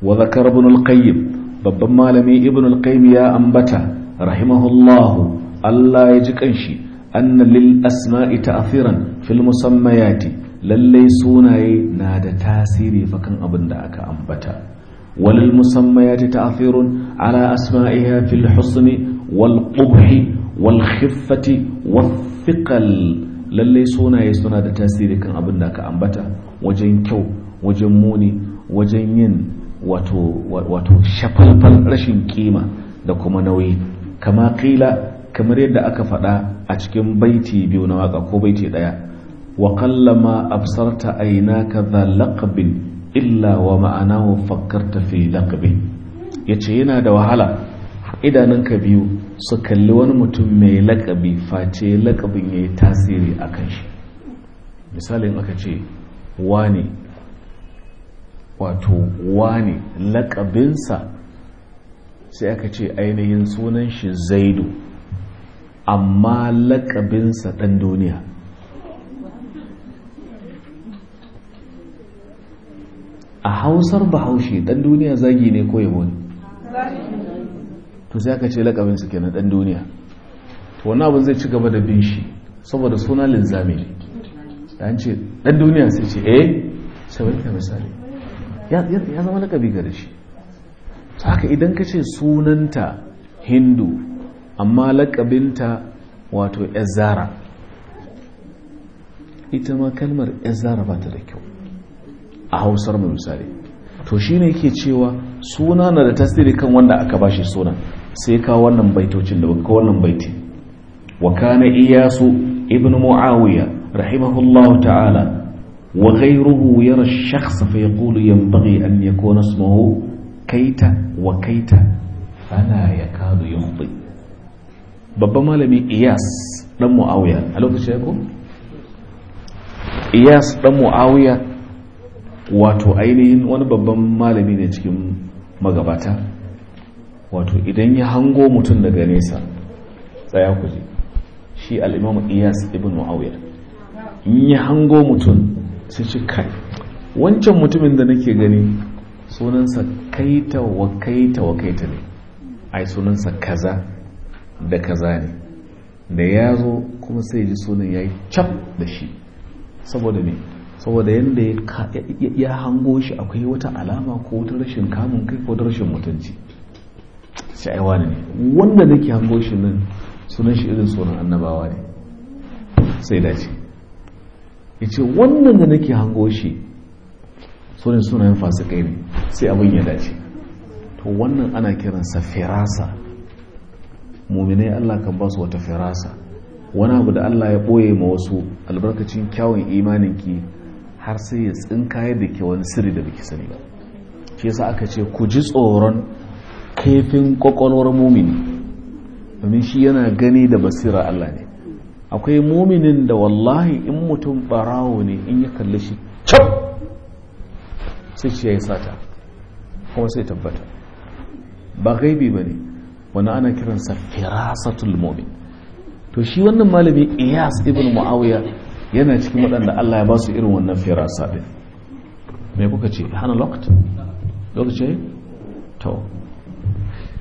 wa zakar ibn al-qayyim babban malami ibn al-qayyim ya ambata rahimahullahu Allah ya ji kanshi anna lil asma'i ta'thiran fil musammayati lallai sunaye na da tasiri fakan abin da aka ambata walil musammayati ta'thirun ala asma'iha fil husni wal qubhi wal khiffati wal lalle sunaye suna da tasiri kan abin da ka ambata wajen kyau wajen muni wajen yin wato wato shafalfal rashin kima da kuma nauyi kama kila kamar yadda aka faɗa a cikin baiti biyu na waka ko baiti ɗaya wa kallama absarta ka za laqabin illa wa ma'anahu fakkarta fi laqabin yace yana da wahala idanunka biyu su kalli wani mutum mai lakabi face lakabin ya yi tasiri a kan shi misalin aka ce wani wato wani lakabinsa sai aka ce ainihin sunan shi zaidu amma lakabinsa ɗan duniya a hausar bahaushe ɗan duniya zagi ne ko yabo ne to sai aka ce lakabin su kenan dan duniya to wannan abin zai ci gaba da bin shi saboda suna linzami ne da ce dan duniya sai ce eh sai wani misali ya zama lakabi ga shi to haka idan ka ce sunanta hindu amma lakabinta wato ezara ita ma kalmar ezara ba ta da kyau a hausar mu misali to shine yake cewa suna na da tasiri kan wanda aka bashi sunan sai ka wannan baitocin da ka wannan baiti wa kana iyasu ibn muawiya rahimahullahu ta'ala wa ghayruhu yara ash-shakhs fa yaqulu yanbaghi an yakuna ismuhu kaita wa kaita ana yakadu yukhti babban malami iyas dan muawiya a lokacin ko iyas dan muawiya wato ainihin wani babban malami ne cikin magabata wato idan ya hango mutum daga nesa tsaya ku ji shi al'imamu iyas ibn mu'awiya in ya hango mutum su ci kai wancan mutumin da nake gani sunansa kaita wa kaita wa kaita ne ai sunansa kaza da kaza ne da ya zo kuma sai ji sunan ya yi cap da shi saboda ne saboda yadda ya hango shi akwai wata alama ko wata rashin kamun kai ko rashin mutunci sai ai ne wanda nake hango shi nan sunan shi irin sunan annabawa ne sai dace ya ce wannan da nake hango shi sunan sunayen fasikai ne sai abin ya dace to wannan ana kiransa firasa muminai allah kan ba su wata firasa wani abu da allah ya ɓoye ma wasu albarkacin kyawun imaninki har sai ya tsinkaye da ke wani sirri da biki sani ba shi yasa aka ce ku ji tsoron kaifin kwakwalwar mumini domin shi yana gani da basira Allah ne akwai muminin da wallahi in mutum barawo ne in ya kalli shi cap sai shi ya yi sata kuma sai tabbata ba gaibi ba ne wani ana kiransa firasatul mumin to shi wannan malami iyas ibn muawiya yana cikin waɗanda Allah ya ba su irin wannan firasa ɗin mai kuka ce hana lokacin lokacin to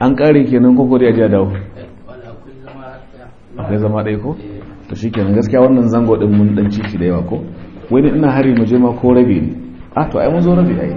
an kare kenan ko ko dai aje dawo akwai zama ɗaya ko to shi kenan gaskiya wannan zango ɗin mun ɗan ciki da yawa ko wani ina hari mu je ma ko rabi ne a ah, to ai mun zo rabi ai